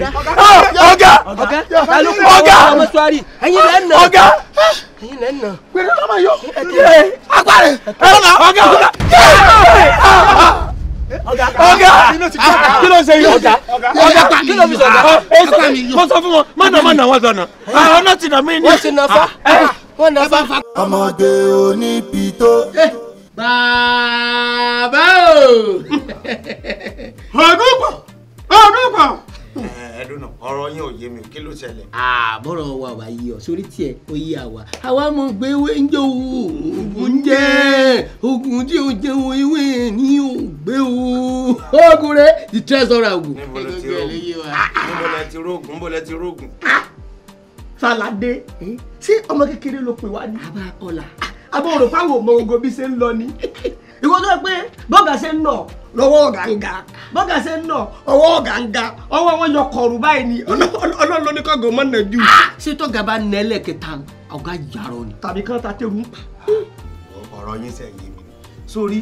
ọ̀gá ọ̀gá ẹ̀yin lẹ́ nà ọ̀gá ẹ̀yin lẹ́ nà. pèrè ọmọ yọ agbára ọ̀gá ọ̀gá ọ̀gá kí ló ṣe yọ ọ̀gá ọ̀gá kí ló fi sọ̀gá ọ̀gá kó sọ fún wọn má nà má nà wọn sọ̀nà ọ̀nà ti nà mí ní. wọ́n ti nà fa wọ́n lọ fà. ọmọdé onípító. Eh, bàbá o. ọdún pọ̀ ọdún pọ̀ eh, ẹdùnà ọ̀rọ̀ yín ò yé mi kí ló ṣẹlẹ̀. àbọ̀rọ̀ wa wà yí ọ sórí tiẹ̀ ó yí àwa àwa mo gbé wéńjọ oògùn jẹ́ oògùn tí o jẹ́ o ewé ní o gbé o oògùn rẹ̀ the treasurer oògùn. níbo lẹ ti rògùn níbo lẹ ti rògùn níbo lẹ ti rògùn. Sàlàdé ṣé ọmọ kékeré ló pè wá ní. àbá ọ̀la. Ah, àbá òrò fáwọn ọmọ ogun bí ṣe ń lọ ni. ìwọ tó pé bọ́gà ṣe ń nà lọ́wọ́ ọ̀gáǹgá bọ́gà ṣe ń nà ọwọ́ ọ̀gáǹgá ọwọ́ wọn yọ kọ̀ọ̀rù báyìí ni ọlọ́run ló ní kọ́gàn mọ́ nà jù. Ah, ṣé tọ́gà bá nà ẹlẹ́kẹta ọ̀gá yàrá ni. tàbí kán ta tẹ̀rù ń pa. ọ̀rọ̀ yín sẹ́yìn mi sórí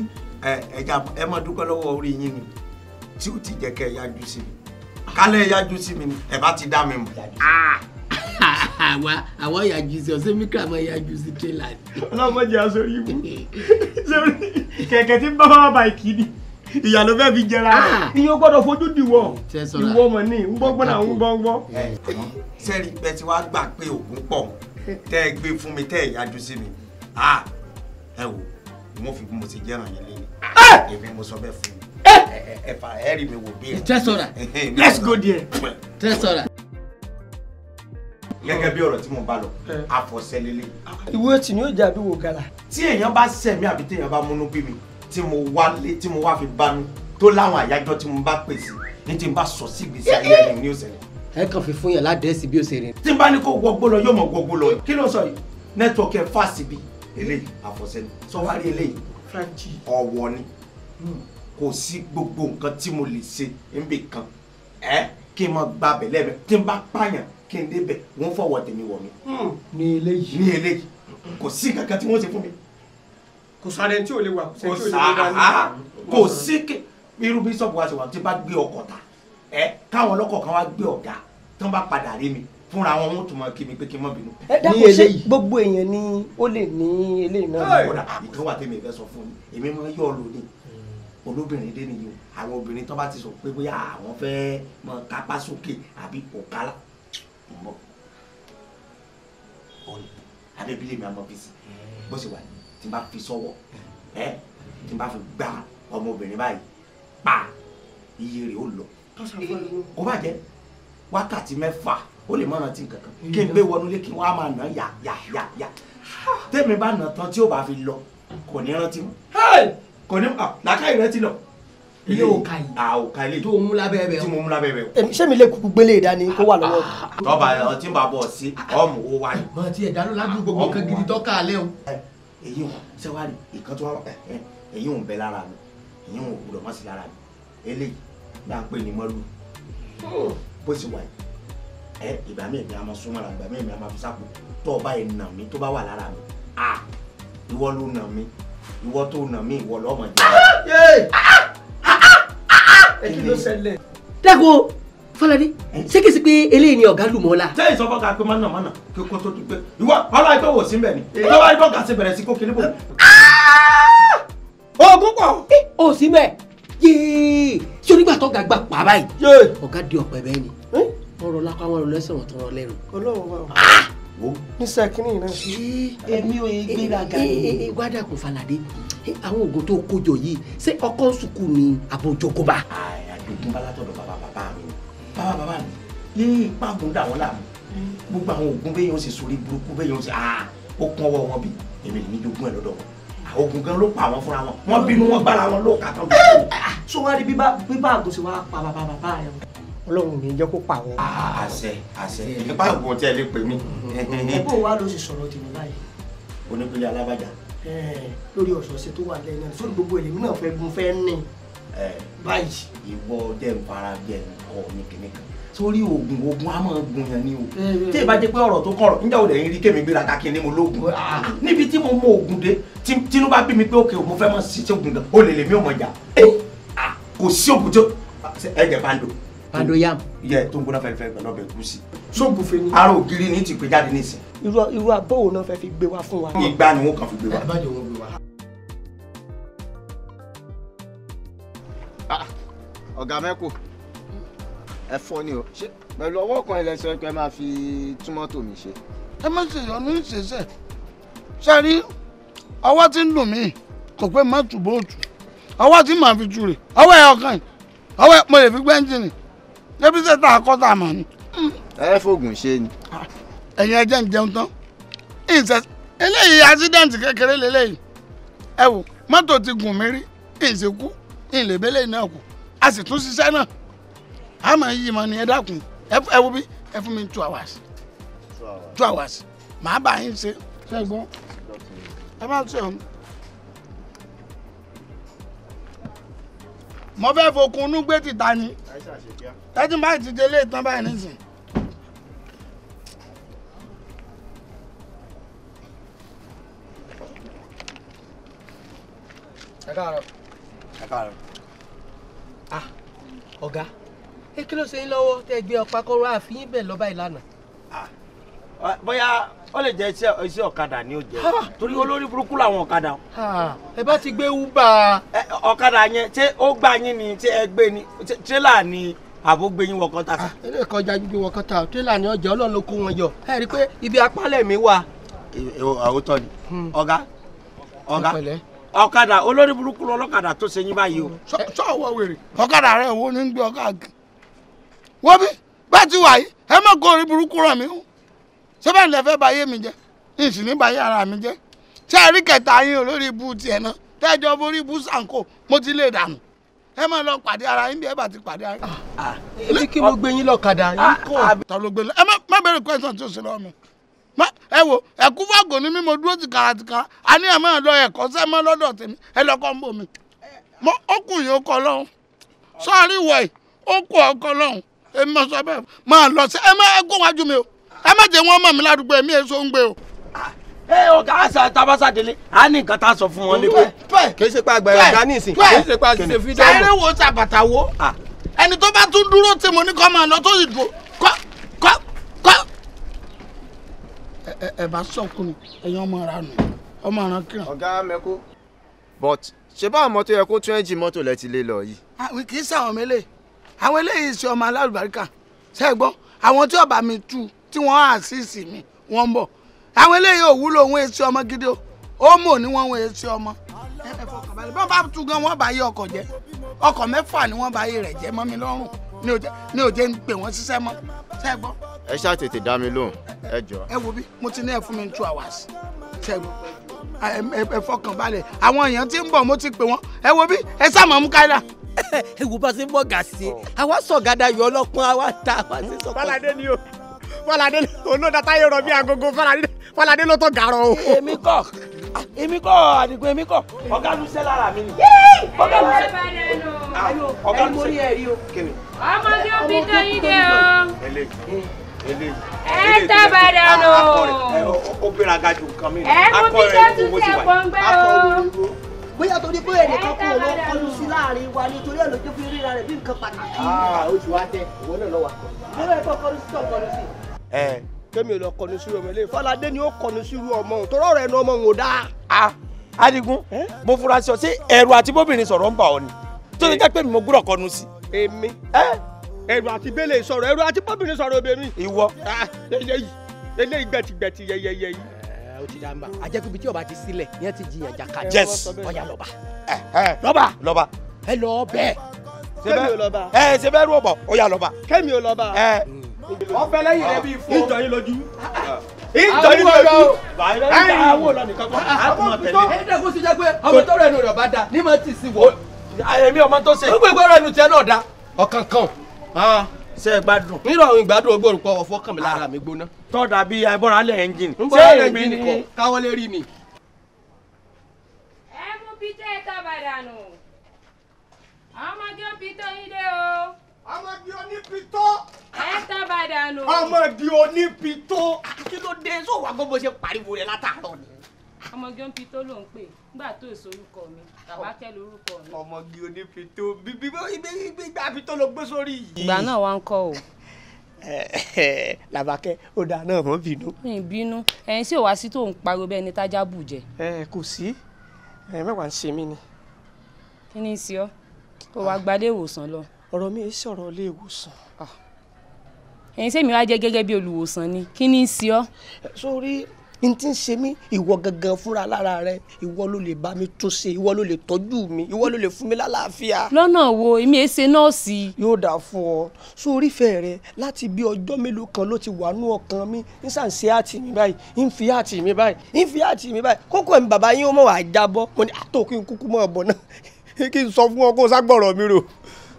ẹja ẹ máa dúpẹ́ lọ́wọ́ orí yín ni tí ó ti jẹ́ kẹ́ ẹ yájú sí mi kálẹ̀ yájú sí mi ni ẹ bá ti dá mi mọ̀. Ah, àwa àwa ọ̀yà jùsì ọ̀sẹ̀ mikra máa ya jùsì tírélà ni. ọlọ́mọ jẹ́ aṣọ ibú kẹ̀kẹ́ tí bàbá bàbá kì í ni ìyá ló fẹ́ fi jẹra ah. ni yóò gbọ́dọ̀ fojú diwọ̀ ìwọ mọ̀ ní ń gbọ́gbọ́n náà ń gbọ́ngbọ́n. sẹ́ẹ̀rì pé tí wàá gbà pé òògùn pọ̀ tẹ́ ẹ gbé fún mi tẹ́ ẹ yájú sí mi ẹ wò wọn fi mo ti jẹran yẹn lé èmi mo sọ bẹ́ẹ̀ fún mi ẹ fà ẹ rí mi wò bí ẹ. tẹ́sọ̀rà let's go there tẹ́sọ̀rà gẹ́gẹ́ bí ọ̀rọ̀ tí mo bá lọ àfọ̀sẹ́lélé. ìwé tí ni ó jà bí wò gàlà. tí èèyàn bá sẹ̀mí àbí téèyàn bá múnú bí mi tí mo wá lé tí mo wá fi banú tó láwọn àyájọ́ tí mo bá pèsè ní tí n bá sọ sí ìgbésí ayé ẹni ní òsèlè. ẹ kàn fi fún yàn ládẹ́sì bí òsèré. tí n bá ní kó wọgbó lọ yóò mọ gbogbo lọ kí ló sọ yìí nẹ́tíwọ̀kì ẹ̀ fásì bí eléyìí àfọ̀sẹ́ni sọ́wárí eléyìí ọ̀wọ́ ni hmm. kò sí gbogbo nǹkan tí mo lè ṣe níbì kan ẹ kí n mọ gbàbẹ̀ lẹ́ẹ̀mẹ́ tí n bá pààyàn kí n débẹ̀ wọ́n fọwọ́ tèmi wọ̀ mí. Hmm. ní eléyìí ní eléyìí kò sí kankan tí wọ́n ṣe fún mi. kò sáré tí ò lè wà kò sáré tí ò lè wà kò sí irú bíṣọ̀bù wa ṣe wà tí bá gbé ọkọ̀ ta ẹ káwọn ọlọ́kọ̀ kan wá gbé ọ̀gá tí wọ́n bá padà rí mi fúnra wọn wọn tún mọ kí mi pé kí n má bínú. ẹ dákun ṣe gbogbo èèyàn ni ó lè ní eléyìí náà. ìtàn wà tẹ́mi ìfẹ́ sọ fún mi èmi máa yọ̀ ọ́ lónìí olóbìnrin dé nìyí o àwọn obìnrin tó bá ti sọ pé bóyá àwọn fẹ́ mọ kápá sókè àbí òkálà ń bọ̀ òní adébílẹ̀ mi àmọ́ fèsì mm. bó ṣe wà tí n bá fi sọ́wọ́ mm. ẹ tí n bá fi gba ọmọbìnrin báyìí pa iye rẹ̀ ó lọ kó bá jẹ́ wákàtí mẹ́fà ó lè mọ̀ràn tí kankan mm. kí n gbé wọnú lé kí wọ́n á máa nà yà yà yà yà tẹ́mi bá nà tán tí ó bá fi lọ kò ní rántí mọ́ kò ní làákàyè rẹ ti lọ iye o ka yìí a o ka ilé tó o mú lábẹ́ bẹ́ẹ̀ o tí mo mú lábẹ́ bẹ́ẹ̀ o. èmi sẹ́mi lè kúkú gbélé ìdání kó wà lọ́wọ́. tọ́ba ẹ̀rọ tí ń bá bọ̀ sí ọmọ owó wa ni. mọ ti ẹ̀dá ló lájú gbogbo nǹkan gidi tọ́ka alẹ́ o. èyí wọn sẹ́wárì ìkan tó wà èyí wọn bẹ lára mi èyí wọn gbọdọ̀ mọ́ sí lára mi eléyìí là ń pè ní mọ́lú bó sì wà yìí ẹ ìgbà míì mi a máa ìgbà mi a máa fi sápò tọ́ọ̀bá nà mí tó bá wà lára mi à ìwọ ló nà mí ìwọ tó nà mí ìwọ lọ́mọdé ẹ kí ló ṣẹlẹ̀. dẹ́ko fọlọ́dé ṣé kìí sí pé eléyìí ni ọ̀gá lù mọ́ la. ṣé ìsọfọ́ ka pé mánà mánà kí o kó tó dùgbẹ́ ìwọ ọlọ́ ẹgbẹ́ wò sí mbẹ̀ ni lọ́wọ́ ẹgbẹ́ ọ̀gá ṣe bẹ̀rẹ̀ sí kó kiri bò. Ah! oògùn pọ̀. Eh, o sì mẹ́ yéé ṣé onígbà tó ga gbà pa báyìí ọ̀gá di ọ̀pẹ bẹ́ẹ̀ ni eh? ọ̀rọ̀ lápá wọn lọ́sẹ̀ wọn tọrọ lẹ́rù. ọlọ́run wa ah! ní sẹ́kínì náà. èmi ò gbéraga. Eh, wádà kò falàdé àwọn oògùn tó kójọ yìí ṣé ọkọ sùkú ni àbójókòbá. àdùnkún bá látọ̀dọ̀ bàbá bàbá mi bàbá bàbá mi yé pàgùn dà wọ́n làmú gbogbo àwọn oògùn bẹ́ẹ̀ yẹn ó ṣe sórí burúkú bẹ́ẹ̀ yẹn ó ṣe àá ó kún ọwọ́ wọn bí èmi lè ní jogún ẹ̀ lọ́dọ̀ wọn ogun gan ló pa àwọn fúnra wọn wọn bínú wọn gbára wọn ló kàtọ gbogbo. so wá rí bíbá bíbá àgùsì wa pa bàbá bàbá rẹ o. Ọlọ́run mi jẹ kó pa wọn. àṣẹ àṣẹ bíbá tí ẹ lè pè mí. ẹ bó ló ṣe sọ̀rọ̀ tèmi báyìí. onípele alábàjá Eh, lórí ọ̀sọ̀ọ̀sẹ̀ tó wà lẹ́yìn náà sórí gbogbo èlèmí náà fẹ́ gun fẹ́ ní eh, báyìí. ìwọ dẹ́ ń fara jẹ ọ̀ ní kìnní kan sórí oògùn oògùn a máa gun yẹn ni o eh, tí ì bá jẹ́ pé ọ̀rọ̀ tó kọ̀rọ̀ níjà ò lẹ́yìn rí kémi gbéra ká kí ni mo lóògùn oh, ah. níbi tí mo mọ oògùn dé tinú bá bí mi pé òkè mo fẹ́ mọ̀ sí ṣé oògùn náà ó lè lè mí ò mọ̀ jà ah, kò sí oògùn tó ẹ̀jẹ̀ bá ń lò pando yam. yẹ tó ń gbóná fẹfẹ lọbẹ gúúsì. sóògùn fẹ ni. ara ògiri ni ti pè jáde nísìn. irú irú abọ́wò náà fẹ́ fi gbé wá fún wa. ìgbà ni wọn kàn fi gbé wa. ẹ bá jẹ wọn gbé wa. Ah, ọ̀gá mẹ́kù ẹ fọ́ ni o pẹ̀lú ọwọ́ kan ilẹ̀ sọ pé ẹ máa fi túmọ̀ tò mí ṣe. ẹ má ṣe ìyọnu ìṣẹ̀ṣẹ̀ ṣe rí ọwọ́ tí ń dùn mí kò pé má tù bóòtù ọwọ́ tí màá fi jù rè ọwọ́ ẹ̀ ọkàn ọwọ́ ẹ̀ mo lè fi gbẹ́ńjìnì lẹ́bí sẹ́ta àkọ́tà àmà ni. ẹ fògùn ṣe ni. ẹ̀yin ẹjẹ́ ń jẹun tán eléyìí accident kékeré lélẹ́yìí ẹ wò mọ́tò ti gùn mí rí ìsìnkú ìlébélé náà kù a sì tún ṣiṣẹ́ náà a mọ̀ yí mọ́ ni ẹ dákun ẹ wo bí ẹ fún mi two hours two hours màá bá yín ṣe ṣẹ́gbọ́n ẹ bá ṣe ọ̀hún. mo fẹ́ fokun inú gbé tìta ni tẹ́tí báyìí ti de ìtàn báyìí nísìn. ẹ káàárọ̀. ẹ káàárọ̀. ah ọ̀gá ẹ kí ló ṣe ń lọ́wọ́ tẹ́ gbé ọ̀pá kọ́rọ́ àfihàn bẹ́ẹ̀ lọ́ba ìlànà. Ah, bóyá ó lè jẹ́ iṣẹ́ iṣẹ́ ọ̀kadà ni ó jẹ́ torí olórí burúkú làwọn ọ̀kadà. ẹ bá ti gbé uber. ọ̀kadà yẹn ṣé ó gbà yín ni ṣé ẹ gbé ni tírélà ni àbó gbé yín wọkọ ta. eré kọjá gbígbé wọkọ tírélà ni ọjà ọlọ́run ló kó wọn yọ ẹ rí i pé ibi apálẹ̀ mi wà. àwòtọ́ ni hmm. ọ̀gá ọ̀gá ọ̀kadà olórí burúkú lọ́lọ́kadà tó ṣe yín báyìí o. sọ wọ wèrè ọ̀kadà rẹ̀ wo ni ń gbé ọ̀gá wọ́n bí bá ti wà yìí ẹ má kó burúkú ràn mí o ṣé bẹ́ẹ̀ ni lè fẹ́ báyé mi jẹ́ ní ìsìn ní báyé ara mi jẹ́ ṣé ẹ rí kẹta yín olórí ibu tiẹ̀ náà tẹ́jọ́ borí ibu sanko mo ti lè dànù ẹ máa lọ pàdé ara yín bí ẹ bá ti pàdé ara yín. èmi ah, ah. kí mo gbé yín lọ́kadà yín kò. Ah, ta ló gbé lọ ẹ má bẹ̀rẹ̀ question tó ṣe lọ́wọ́ mi ẹ wo ẹkú fàgò ní mi mo dúró tìkàrà tìkàrà a ní ẹ máa lọ ẹ̀kọ́ sẹ́ mọ́ lọ́dọ̀ tèmi ẹ lọ́kọ́ ń bò mí mo ọkùnrin ọkọ lọ́hùn sọ́ọ́rí wọ̀ ẹ́ ó kú ọkọ lọ́hùn èmi mọ̀ sọ lọ sí ẹ má ẹ gún wájú mi o ẹ má jẹ́ wọ́n mọ̀ mí ládùúgbò ẹ̀mí èso ń gbé o. ẹ ọ̀gá àṣà tabasa délé a ní nǹkan tá a sọ fún wọn lẹ́kọ̀ọ́. kì í ṣe pa àgbà ẹ̀rọ nísìn kì í ṣe pa àṣìṣe fídíò. sáré wo sàbàtà wo ẹni tó bá tún dúró tí mo ní kọ́ máa lọ tó yìí dúró kọ́ kọ́ kọ́. ẹ ẹ bá sọkùn ẹyin ọmọ ara nù ọmọ ara kíran. ọ̀gá mẹ́kó. but ṣé báwọn mọ́tò yẹ kó tún ẹ́ńjì mọ́tò lẹ́ ti lé lọ yìí. àwọn kì í ṣàwọn mélèé àwọn eléyìí ṣe ọmọ alálùbáríkà ṣẹ́gbọ́n àwọn tí ọba mi tú tí wọ́n àṣìṣì mi wọ́n ń bọ̀ àwọn eléyìí ò wúlò òun èsì ọmọ gidi o ó mọ̀ ní wọ́n ń èsì ọmọ ẹ̀fọ̀kànbalẹ̀ bọ́n bá tún gan wọ́n bá yé ọkọ̀ jẹ́ ọkọ̀ mẹ́fà ni wọ́n bá yé rẹ̀ jẹ́ mọ́ mi lọ́rùn ní òjé ń pè wọ́n ṣiṣẹ́ mọ́ ṣẹ́ ẹ ṣáà tètè dá mi lóhùn ẹ jọ. ẹ wo bí mo ti ní ẹ fún mi two hours ṣẹ́ gbọ́ ẹ fọkànbalẹ̀ àwọn èèyàn ti ń bọ̀ mo ti pè wọ́n ẹ wo bí ẹ sáà mọ̀ mú káyìlá ewu bá ṣe ń bọ̀ gà sí àwa sọ̀gádà yọ ọlọ́pọ́n àwa ta àwa ṣe sọ̀kọ́. bálàdé ni o fọládé olódà táyé rọ bí agogo fọládé ló tó gàrọ o. èmi kọ́ èmi kọ́ àdìgún èmi kọ́ ọ̀gá lu lára mi ni. ọ̀gá lu sẹ́ ọ̀gá lu sẹ́ ọmọdé òbí tó yí dé o ẹ tábàdà lò. obìnrin agajù nǹkan mi. ẹ mú bí jésù tí ẹ pọ̀ o. bóyá torí pé èdè kan kú òun kọlu sí láàrin wa ni torí ọ̀nà tó fi ríra rẹ̀ bí nǹkan pàtàkì. oṣù wa tẹ ìwọ náà lọ wà. bóyá ẹ kọ́ kọlu sí tó kọlu sí kémi lọ kọnu sírú ọmọ ilé Fọládé ni ó kọnu sírú ọmọ òun tọrọ rẹ nu ọmọ òun ò dáa. Adigun mo fura sí ọ sí ẹrù àti bóbìnrin sọ̀rọ̀ ń bà ọ ni tó ti jẹ́ pé mo gbúdọ̀ kọnu sí. èmi ẹrù àti bẹ́lẹ̀ sọ̀rọ̀ ẹrù àti bóbìnrin sọ̀rọ̀ obìnrin. ìwọ. eléyìí gbẹ̀tìgbẹ̀tì yẹyẹyẹ yìí ó ti dáa ń bá a jẹ́ kíbi tí ọba ti sílẹ̀ yẹn ti jiyàn jàkadì. yes ọ̀yà lọ́ba. lọ́ba lọ́ba. ẹ lọ bẹ́ẹ̀. kẹ́mi ò lọ́ba. ẹ ṣe bẹ́ẹ̀ rú ọ̀bọ̀ ọ̀yà lọ́ba. kẹ́mi ò lọ́ba ọbẹ̀ lẹ́yìn rẹ bíi fún. ìjọ yín lójú. ìjọ yín lójú. báyìí àwọn olọ nìkan kọ́ àtúmọ̀ tẹ̀lé. ẹ̀ẹ́dẹ̀ kó sì jẹ́ pé ọmọ tọrọ ẹnu rẹ̀ bá da ní ma ti sí wọ. àyẹ̀mí ọmọ tó ṣe. ó gbégbé ọ̀rọ̀ ẹnu tiẹ̀ náà da. ọ̀kan kan ṣe é gbádùn. nírọ̀ àwọn ìgbádùn ogbó òrùkọ ọ̀fọ́ kàn mí lára mi gbóná. tọ́da bí ẹbọra alẹ́ ẹ́ńjìnì. ẹ ọmọ di onípitó kí ló dé sọ wà gbogbo ṣe pariwo rẹ látàárọ̀ ni. ọmọge onípitó ló ń pè nígbà tó èso orúkọ mi tàbákẹ́ lórúkọ mi. ọmọge onípitó bíbí gbígbà pitó ló gbé sórí yìí. ìgbà náà wá ń kọ́ o. làbákẹ́ ó dáa náà mọ́ bínú. mi bínú ẹ̀yin sì wá sí tó ń pariwo bẹ́ẹ̀ ni tájà bù jẹ. ẹ kò sí mẹ́wàá ń ṣe mí ni. kí ni ìsì ọ kó wàá gbalé ìwòsàn lọ. ọ̀rọ̀ mi ì sọ̀rọ̀ ilé ìwòsàn. Ah ẹ̀yin sẹ́mi wá jẹ́ gẹ́gẹ́ bí olùwòsàn ni kí ni í ṣe ọ́. sórí n ti ń ṣe mí ìwọ gangan fúnra lára rẹ ìwọ ló lè bá mi tún ṣe ìwọ ló lè tọ́jú mi ìwọ ló lè fún mi lálàáfíà. lọ́nà wo èmi ẹ e ṣe nọ́ọ̀sì. yóò dáa fún ọ sórí ìfẹ́ rẹ láti bí ọjọ́ mélòó kan ló ti wà nú ọkàn mi ń sàn ṣe àtì mi báyìí ń fi àtì mi báyìí ń fi àtì mi báyìí kókó ẹ̀mí bàbá yín ó mọ̀ wá jábọ́ mo ní àtòkín kúkú mọ̀ ọ̀bọ̀ náà kí n sọ fún ọ kó ságbọ̀rọ̀ mi rò.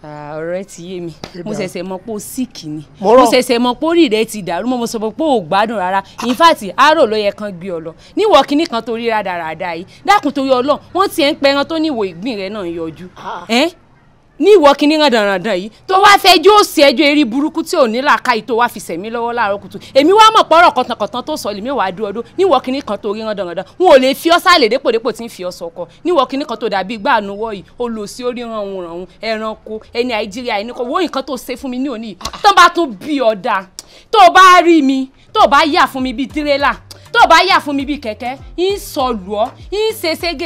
Ah, ọ̀rẹ́ ti yé mi mo ṣẹ̀ṣẹ̀ mọ̀ pé o sick ni mo ṣẹ̀ṣẹ̀ mọ̀ pé orí rẹ ti dàrú mo sọ pé o gbádùn rárá in fact àárò ló yẹ kan gbé ọ lọ níwọ̀ kínní kan torí rádaràda yìí dákun torí ọlọ́run wọ́n ti ẹ̀ ń pẹran tó níwò ìgbín rẹ náà yọjú. Ah ní ìwọ kìíní ràndàràndàn yìí tó wá fẹ́ jó sí ẹjọ́ eré burúkú tí ò ní làákàyè tó wá fi sẹ̀mí lọ́wọ́ láàárọ̀ kùtù èmi wá mọ̀ pọ̀rọ̀ kọ̀tànkọ̀tàn tó sọ lèmi wàá dúró dún ní ìwọ kìíní kan tó rí ràndàràndàn wọn ò lè fi ọ́ sálẹ̀ dépò dépò tí ń fi ọ́ sọkọ ní ìwọ kìíní kan tó dàbí gbà ànúwọ́ yìí ó lò sí orí rànhùn rànhùn ẹranko ẹni àìjíríà ẹni kan wọ́n nǹkan tó ṣe fún mi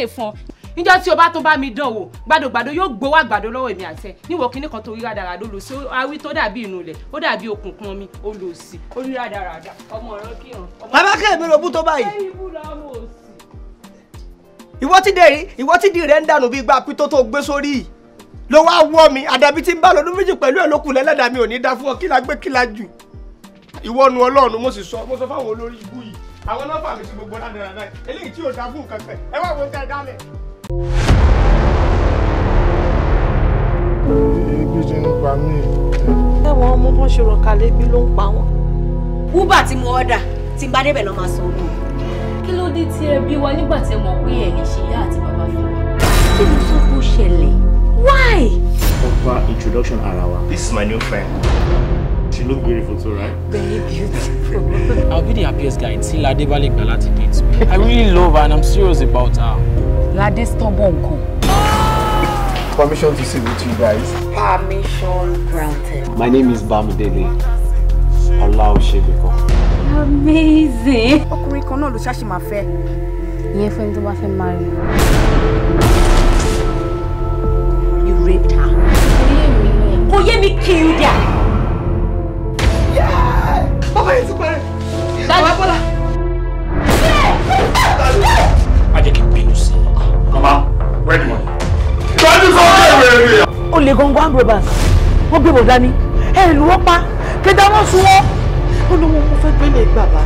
ní níjọ́ tí o bá tún bá mi dán wò gbàdògbàdò yóò gbowó àgbàdo lọ́wọ́ èmi àtẹ níwọ̀ kíní kan tó rí rádaràdà olùsí awí tó dàbí inú ilẹ̀ ó dàbí òkùnkùn omi I ó rí rádaràdà ọmọ ọ̀rọ̀ kí hàn. bàbá kẹ́ mi robú tó báyìí. ìwọ ti dé ìwọ ti di rẹ̀ ń dànù bí gbà pító tó gbé sórí yìí ló wá wọ́ mi àdàbí tí ń bá lọ́dún méjì pẹ̀lú ẹ̀ lókun lẹ́lẹ́dà mi ò ní dá fún ọ kí la gbé kí la jù ìwọ nu ọlọ́run mo sì sọ mo sọ fáwọn olórí ibú yìí àwọn nọ́mbà mi ti gbogbo dáadáa eléyìí tí ò dá fún nǹkan ẹ wá wo tẹ́ ẹ dálẹ̀ ebi ti ń pa mí. ẹ̀wọ̀n ọmọ bọ́n ṣe rọ̀kàlẹ̀ ebi ló ń pa wọ́n. uber tí mo ọ̀dà tí n bá débẹ̀ lọ́ máa sọ ọ́ kí ló dé tí ẹ bí wa nígbà tí ẹ mọ̀ pé ẹ̀ lè ṣe ìyá àti bàbá fún wa. kí ló sọ pé ó ṣẹlẹ̀ why. over introduction ara wa. this is my new friend. She look beautiful too, right? Very beautiful. I'll be the happiest guy until Adebale Gbalati dates me. I really love her and I'm serious about her. Ládé stubborn gan. Permission to sit with you guys. Permission granted. My name is Bamidele Olaosebiko. Amazing. Ọkùnrin kan náà ló ṣáṣì máa fẹ́. Ìyẹn fún ẹni tó bá fẹ́ You raped her. Kò yé mi kí n dà. Bàbá yìí ti pẹ́. olè gangan and robbers wọ́n gbé bọ̀dá ni ẹ̀ lù wọ́n pa kẹta wọ́n sun wọ́n ó lọ́wọ́ mo fẹ́ gbélé bàbá.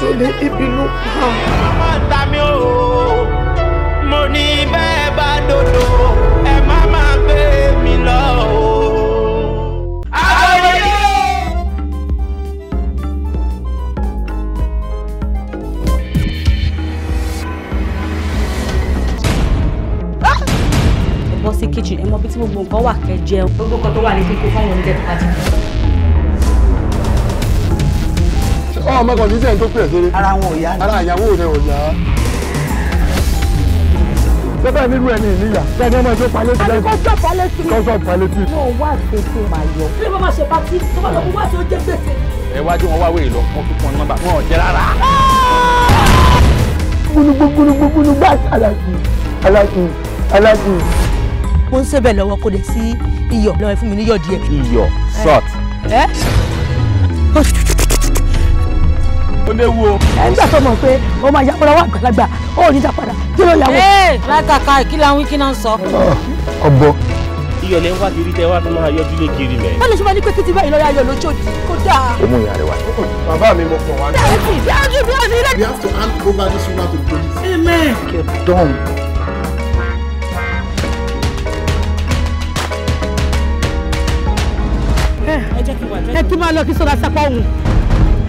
ṣọlẹ ìbínú pa. ọmọ ta mi ò mo ní bẹ́ẹ̀ bá dodo ẹ má máa gbé mi lọ o. bọ́ sí kitchen ẹ mọ bí tí gbogbo nǹkan wà kẹ́ jẹun. gbogbo nǹkan tó wà ní kíkó fáwọn oníjẹ tó bá àwọn ọmọ kan ní sẹ́yìn tó pè é sórí. ara wọn ò yá ni. ara ìyàwó rẹ ò yá. sẹ́fẹ̀ nílùú ẹni ìníyà sẹ́ni ọmọ tó palẹ́ sí lẹ́yìn. kọ́sọ̀ palẹ́ sí mi. kọ́sọ̀ palẹ́ sí mi. mo wá gbèsè màá yọ. bí wọ́n máa ṣe bá tí tó bá lọ kó wá sí ó jẹ́ gbèsè. ẹ wájú wọn wá wèrè lọ wọn fi pọn nọ́mbà wọn ò jẹ rárá. gbúnugbúnugbúnugbúnú gbá aláàjì aláàjì aláàjì. mo ń ṣèbẹ̀ lọ́wọ́ kó dé sí iyọ̀ lọ́wọ́ fún mi níyọ̀ díẹ̀. iyọ̀ salt ó o. ẹ ń gbà tó mọ̀ pé ó máa yàgbọ́ra wà àgbàlagbà ó ní ìjà kí ló yàwó. ee látàkà kí làwọn kí náà sọ. ọgbọ. iyọ̀lẹ̀ ń wá kiri tẹ wá tó máa yọjú lé kiri mẹ́. wọ́n lè ṣe wá ní pé kí ti bá ìlọrin ayọ̀ lójó kó dáa. ó mú ìyá rẹ wá. bàbá mi mo kàn wá. we have to hand over this woman to the police. amen. get done. ẹ jẹ́ kí wà jẹ́ kí. ẹ tún máa lọ kí sọ́dọ̀ sapá òun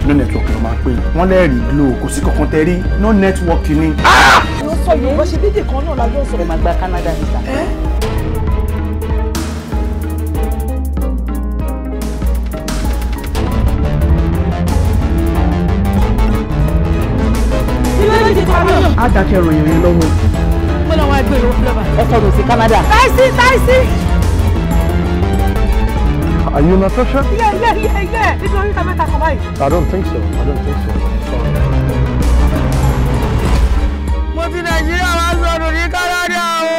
no network ló máa pè wọ́n lẹ́rìí glo kò sí kankan tẹ rí no network ni. ló ah! sọ yìí wọ́n ṣe dédé kan náà lájọ́ sọ̀rọ̀ màá gba Canada visa. á dákẹ́ ròyìn yẹn lọ́wọ́. mo náà wá gbé ìròyìn lọ́wọ́. ọkọ mi sí Canada. táìsì táìsì. Are you Natasha? Yeah, yeah, yeah, yeah. This is one you can make a combine. I don't think so. I don't think so. Mo ti Nàìjíríà wá sọ̀rọ̀ ní Kánádà o.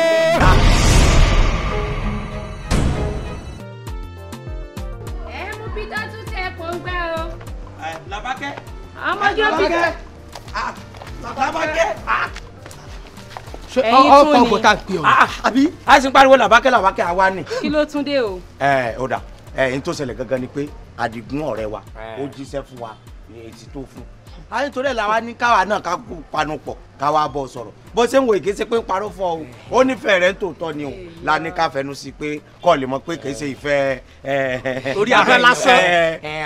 Ẹ mú Peter tún tẹ kò ń gbẹ o. Ẹ Làbákẹ́. Ọmọdé Peter. Làbákẹ́ ṣe ọkọ ọgbọ tá a pè ọ ah, àbí a sì ń pariwo làbákẹ́ làbákẹ́ àwa ni. kí ló tún dé o. ẹ ò dà ẹ̀yìn tó ṣẹlẹ̀ gangan ni pé àdìgún ọ̀rẹ́ wa ó jíṣẹ́ fún wa èsì tó fún a nítorí ẹ̀ làwa ní káwa náà ká kú panupọ̀ káwa bọ̀ sọ̀rọ̀ bó ṣe ń wo ìkéṣe pé ń parọ́ fún ọ o ó nífẹ̀ẹ́ rẹ̀ ń tòótọ́ ni o la ní ká fẹnu sí pé kọ́ lè mọ̀ pé kìí ṣe ìfẹ́ ẹ̀ lórí afẹ́ lásán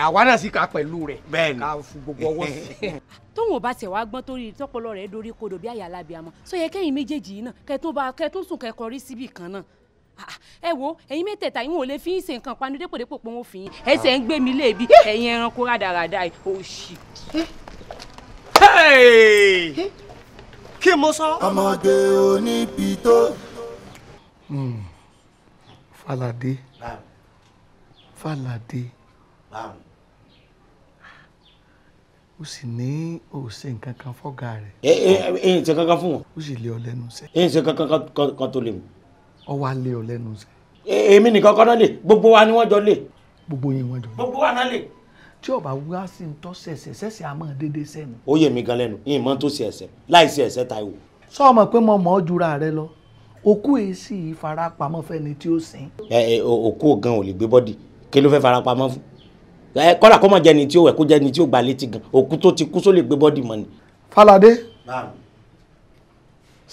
àwa náà sì ká pẹ̀lú rẹ̀ bẹ́ẹ̀ni ká fún gbogbo ọwọ́ sí. tóun ò bá tẹ̀ wá gbọ́n torí tọ́pọ̀lọ́ rẹ̀ dorí kodò bí àyà alábìàmọ́ sọ yẹ kẹ́yìn méjèèjì yìí náà kẹ́ tó bá kẹ́ tó sùn kẹ́ síbì kan náà Ah, ẹ wo ẹ̀yin mẹ́tẹ̀ẹ̀ta yín ò lè fi ń ṣe nǹkan panu dépò dépò pé wọn fi yín ẹsẹ̀ ń gbé mi léèbi ẹ̀yin ẹranko rádaràda ẹ ò ṣì. Eh? kí mo sọ. ọmọdé oníbitó. Hmm. Fálàdé Fálàdé ó sì ní òsè nǹkan kan fọ́gà rẹ̀. ẹ ẹ ẹ ẹ ṣe kankan fún wọn. ó sì lé ọ lẹ́nu sẹ. ẹ ṣe kankan kan tó lè mú ọ wá lé ọ lẹ́nu sẹ́. E, èmi nìkan kọ́ náà lè gbogbo wa ni wọ́n jọ lè. gbogbo yín wọ́n jọ lè. gbogbo wa náà lè. tí ọba wá sí ń tọ́ sẹ̀sẹ̀ sẹ̀sẹ̀ a máa dédé sẹ́nu. ó yẹ mi gan lẹ́nu yìí mọ́ tó ṣe ẹ̀sẹ̀ láì ṣe ẹ̀sẹ̀ Táíwò. sọ ọmọ pé mo mọ̀ ọ́ jura rẹ lọ òkú èsì ìfarapamọ́ fẹ́ni tí ó sìn. ẹ ẹ òkú gan ò lè gbé bọ́dì kí ló fẹ́ farapamọ́ fún ẹ kọ́dà kó má jẹ́ ni tí ó wẹ̀ kó jẹ́ ni tí ó gbà létí gan òkú tó ti kú só lè gbé bọ́dì mọ́ ni. Falade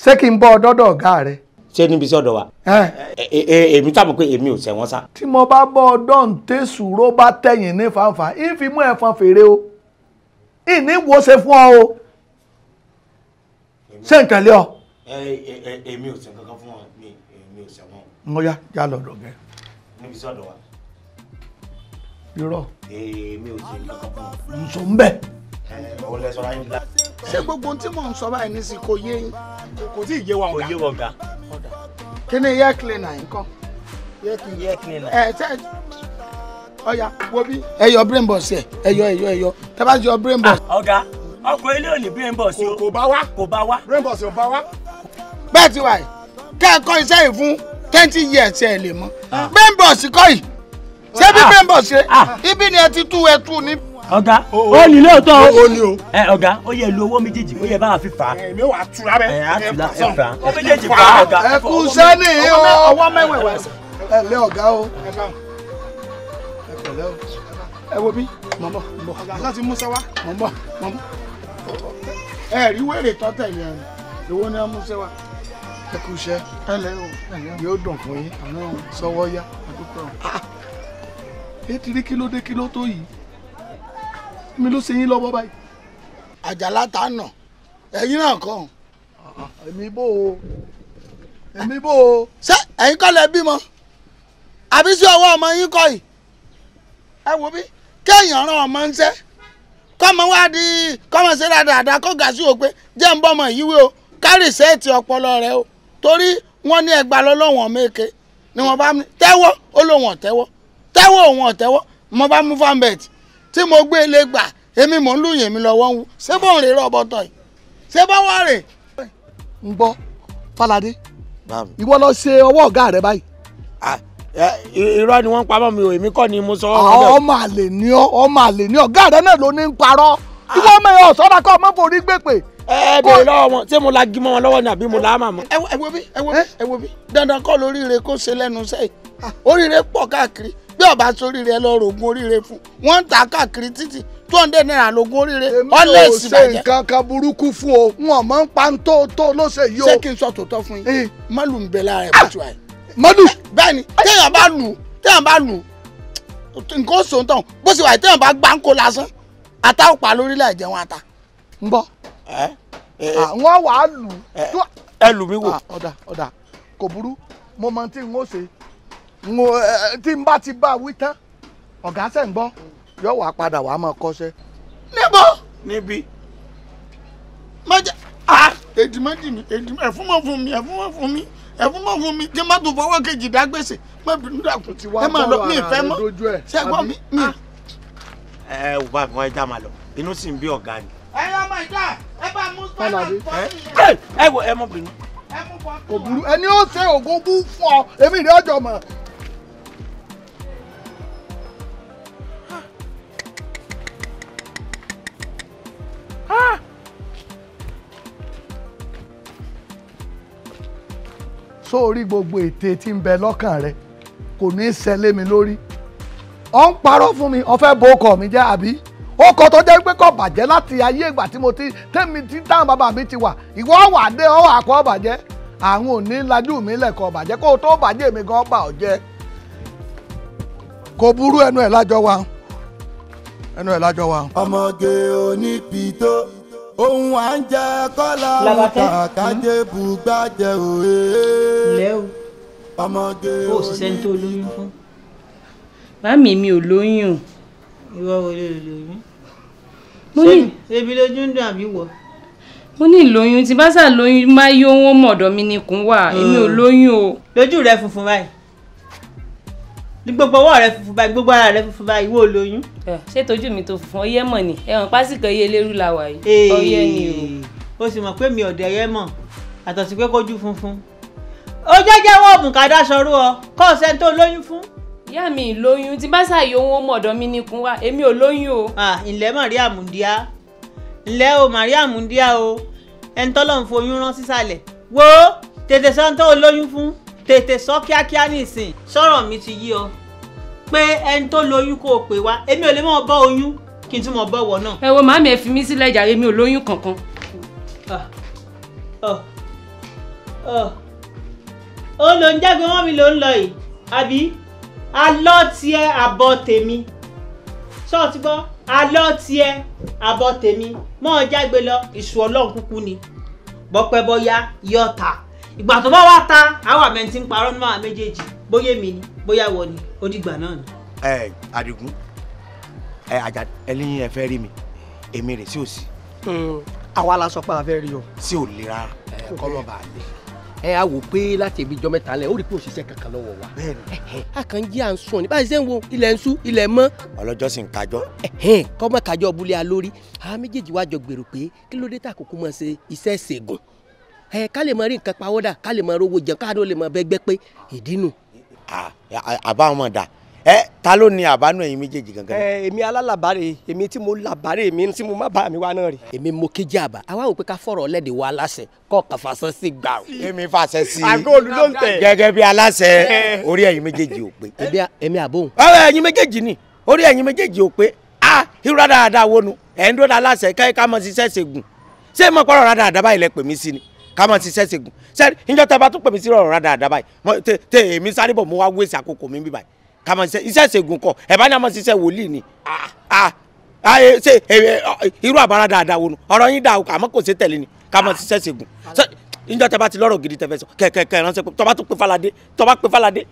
ṣé kí n bọ́ ọ dọ́dọ̀ ọ̀gá rẹ̀ ṣé níbi sí ọ̀dọ̀ wa. èmi tàbí pé èmi ò sẹ́wọ́n sá. tí mo bá bọ́ ọdọ́ ń tẹ sùúró bá tẹ̀yìn ní fanfa ìfi mú ẹ̀fọn fèrè o ìní wo ṣe fún ọ o ṣé nǹkan lé ọ. èmi ò sẹ́wọ́n kankan fún ọ èmi ò sẹ́wọ́n. mo yá já lọ dọ̀gẹ́. níbi sí ọ̀dọ̀ wa. irọ́. èmi ò sẹ́wọ́n kankan fún ọ. nsọ ń bẹ̀ òun lẹ sọra yín la. ṣé gbogbo ohun tí mò ń sọ báyìí nísìnyí kò yé kò tí ì yé wa ọ̀gá. kò yé wa kí ni yẹ kílínà yín kan. yẹ kílínà. ẹ tẹ ọya wo bí. ẹ yọ brain box ẹ ẹ yọ ẹ yọ ẹ yọ tẹ yọ brain box. Ah, ọ̀gá ọkọ̀ ilé ò ní brain box o. kò bá wa kò bá wa. brain box ò bá wa. bẹ́ẹ̀ ti wà yìí kẹ́ẹ̀kọ́ iṣẹ́ ìfún twenty years ẹ̀ lè mọ́ ah. brain box kọ́ yìí ṣé bí ah. brain box ṣe ibi ni ẹ ti tú ẹ tú ní ọ̀gá oh, oh. ó ní lóòótọ́ o ó oh, ní o ẹ ọ̀gá ó yẹ lu owó méjèèjì ó yẹ bá wa fi fà á. èmi wà á tura bẹ́ẹ̀ ẹ á tura ẹ fà á ó méjèèjì fà á ọ̀gá. ẹ kú sẹ́ni o ọwọ́ mẹ́wẹ̀ẹ̀wẹ̀. ẹ lé ọ̀gá o ẹ pẹ̀lẹ́ o ẹ wo bí mọ̀mọ́ mọ̀ ọ̀gá láti múṣẹ́ wá mọ̀mọ́ mọ̀mọ́ ẹ rí wèrè tọ́tẹ̀ yẹn ìwọ ni wọ́n múṣẹ́ wá ẹ kú iṣẹ́ yóò dùn fún yín sọwọ́ yá ah, ah. ẹ ti rí kílódé kíló tó yìí mi ló ṣe yín lọ́wọ́ báyìí. àjàlá ta nà ẹ̀yin náà kàn. èmi bò ó èmi bò ó. ṣé ẹ̀yin kọ́ lẹ bímọ àbí sí ọwọ́ ọmọ yín kọ́ yìí ẹ wò bí kéèyàn rán ọmọ ń ṣẹ́ kọ́mọ wá di kọ́mọ ṣe dáadáa kó gà sí o pé jẹ́ ń bọ́mọ yíwé o kárì sẹ́ẹ̀tì ọpọlọ rẹ o torí wọ́n ní ẹgbàá lọ́lọ́wọ̀n mẹ́kẹ́ ni wọ́n bá tẹ́wọ́ ó lóun ọ̀tẹ́wọ́ tẹ́wọ́ òun ọ̀tẹ́wọ́ mo bá mú fanbet tí mo gbé ilé gbà èmi mò ń lùyìn mi lọ́wọ́ ń wú ṣé bóun rè rọ̀ bọ́tọ̀ yìí ṣé bá wà rè. ń gbọ́ Fálàdé ìwọ lọ ṣe ọwọ́ ọ̀gá rẹ báyìí. irọ́ ni wọ́n ń pamọ́ mi ò èmi kọ́ ni mo sọ. ọmọ àlè ni ọ ọmọ àlè ni ọ̀gá rẹ náà ló ní ń parọ́ ìwọ ọmọ ẹ̀ ọ̀sọ́ra kọ́ ọmọ forí gbé pè ẹ bèrè lọ́wọ́ wọn ṣé mo la gímọ wọn lọ́wọ́ ni àbí mo la á màmá. ẹ wo bí ẹ wo bí ẹ wo bí dandan kọ́ lóríire kó ṣe lẹ́nu sẹ́yìn oríire pọ̀ káàkiri bí ọba sóríire ẹ lọrọ ogun oríire fún wọn ń ta káàkiri títì two hundred naira lògùn oríire ìsìn bàjẹ́. èmi ò ṣe nǹkan kan burúkú fún o n mọ̀ ń pa tó tó ló yìí o. ṣé n sọ tòótọ́ fún yín eh. malu ń bẹ lára ah! eh, téèyàn bá lù téèyàn bá lù lásán pa lórí ata. bọ àwọn ah, ẹ lù mí wò. Ah, ọ̀dà ọ̀dà kò burú mo mọ tí n tí n bá ti bá wí tán ọ̀gá sẹ̀ ń gbọ́ yóò wá padà wàá máa kọ́ṣẹ́. níbo níbi mọ́jà èdìmọ́dì mi ẹ̀fúnmọ́ fún mi ẹ̀fúnmọ́ fún mi ẹ̀fúnmọ́ fún mi kí n má tún fọwọ́ kejì dá gbèsè má bínú dàkún ẹ má lọ mi ìfẹ́ mọ́ ṣé ẹ gbọ́ mi. ẹ ẹ wò bá mi wọn já máa lọ inú sì ń bí ọ̀gá ni. ẹ yọ ọmọ ìjà ẹ bá mú pálọ̀ pọ̀ sí i. ẹ wọ ẹ mọ bínú. ẹ mú pọ̀ sí i. òbúrú ẹni ó ṣe ògógún fún ọ èmi rẹ ọjọ́ mọ̀. Ah! ori gbogbo ete ti ń bẹ lọ́kàn rẹ kò ní í ṣẹlẹ̀ mi lórí ọ ń parọ́ fún mi ọ fẹ́ bo ọkọ mi je abi ọkọ tó je pé kò bàjẹ́ láti ayé ìgbà tí mo ti tẹ́mi tí táwọn bàbá mi ti wa ìwọ wà dé ọwọ́ àkọ́ bàjẹ́ àwọn ò ní lajú mi lẹ́kọ̀ọ́ ko kó o tó bàjẹ́ mi gan bà ọ́ jẹ́ kò burú ẹnu ẹ̀ lájọ wa. ẹnu ẹ̀ lájọ wa. ọmọge onípìtó ohun à ń jẹ kọ́lá ọ̀tà kájé bùgbàjẹ́ òye. lẹ́wọ̀ ọmọge onípìtó. o òṣìṣẹ́ ní tó lóyún fún. báàmì mi ò lóyún o. ìwọ wo lè lóyún. mo ní. ebi lójú ń dùn àbí wọ. mo ní ìlóyún tí bá sà lóyún máa yó wọn mọ̀dọ̀ mi ni wà èmi ò hmm. lóyún o. lójú rẹ funfun báyìí ní gbogbo ọwọ́ rẹ funfun báyìí gbogbo ara rẹ funfun báyìí ìwọ olóyún. ṣé tójú mi tó funfun ọyẹ mọ ni ẹwọn pásítọ iye lérú la wà yìí ọyẹ ni o. o sì mọ̀ pé mi ò dẹ̀ yẹ mọ̀ àtọ̀sí pé kójú funfun. ó jẹ́jẹ́ wọ́n bùkádà sọ̀rọ̀ ọ kọ́ ọ̀sẹ̀ tó lóyún fún ìyá mi lóyún tí bá ṣàyè ohun ọmọ ọ̀dọ̀ mi nìkún wa èmi ò lóyún o. ǹlẹ́ maria mundia ǹlẹ́ o maria mundia o ẹni tọ́lọ́ ń foyún wo tètè sọ́ńtò olóyún fún tètè sọ kíákíá nísìn sọ̀rọ̀ mi ti yí ọ pé ẹni tó lóyún kó o pè wá èmi ò lè mọ̀ bọ́ oyún kí n tún mọ̀ bọ́wọ́ náà. ẹ wo màámi ẹ fi mí sílẹ̀ ìjà èmi ò lóyún kankan. Ah, ah, ah. ó lò ń jágbe mọ́ mi ló ń lọ yìí àbí alọ́ tiẹ̀ àbọ̀ tèmi ṣọ́ọ̀tì gbọ́ alọ́ tiẹ̀ àbọ̀ tèmi mọ́ ọ jágbe lọ ìṣù ọlọ́run kúkú ni bọ́pẹ́ bọ́yá yọ̀ọ̀ta ìgbà tó bá wá ta àwọn àmẹ́ ti ń parọ́ nínú àwọn méjèèjì bóyá èmi ni bóyá wọ ni ó dìgbà náà ni. ẹ Àdìgún ẹ àjà ẹlẹ́yìn ẹ fẹ́ rí mi èmi rè sí òsì. Hmm, àwa la sọ pé a fẹ́ rí o. sí ò lè rárá kọ́lọ́ bá a lè ẹ á wò pé láti ibi jọ mẹ́ta lẹ ó rí pé òṣìṣẹ́ kankan lọ́wọ́ wa. bẹ́ẹ̀ni. a kàn ń jí à ń sùn ní báyìí ṣe ń wo ilẹ̀ ń sú ilẹ̀ mọ́. ọlọ́jọ́ sì ń kájọ́. kọ́mọ kájọ́ bulẹ̀ alórí àwọn méjèèjì wá gbèrò pé kí tá àkókò máa ṣe iṣẹ́ ìṣègùn ẹ ká lè mọ rí nǹkan pawọ́dà ká lè mọ rówó jẹun káàdó lè mọ bẹ́gbẹ́ pé ìdínú. àbá wọn dà ẹ ta ló ní àbánú ẹ̀yin méjèèjì gangan. ẹ èmi alálàbárè èmi tí mo làbárè èmi tí mo má bá mi wá náà rè. èmi mo kéjì àbá àwa ò pé ká fọ̀rọ̀ ọlẹ́dẹ̀ wa aláṣẹ kọ́ ọ̀kan fàṣẹ sí gbà o. èmi fàṣẹ sí i gẹ́gẹ́ bí aláṣẹ orí ẹ̀yin méjèèjì ò pé. èmi àbóhùn. ẹ̀yin méjèèjì ni orí ẹ̀yin méjèèjì ò pé ah irú dáadáa wo nu ẹ̀ ń dọ́dọ̀ aláṣẹ káyíká mọ́ ṣiṣẹ́ ṣègùn ṣé mo pọ́nrọ̀ ká máa ṣiṣẹ́ ṣègùn sẹ́ni níjọ́ tá a bá tún pè mí sí ọ̀rọ̀ rà dáadáa báyìí tẹ èmi sáré bọ̀ mo wá wéṣẹ̀ àkókò mi bí báyìí ká máa ṣiṣẹ́ iṣẹ́ ṣègùn kọ ẹ̀ bá ní a máa ṣiṣẹ́ wòlíì ni ṣe irú àbára dáadáa wo nu ọ̀rọ̀ yín dáa àmọ́ kò ṣe tẹ̀lé ni ká máa ṣiṣẹ́ ṣègùn níjọ́ tẹ bá ti lọ́rọ̀ gidi tẹ̀fẹ́ sọ kẹ̀kẹ́ ránṣẹ́ pé tọ́ bá tún pè Fálàdé tọ́ bá pè Fálàdé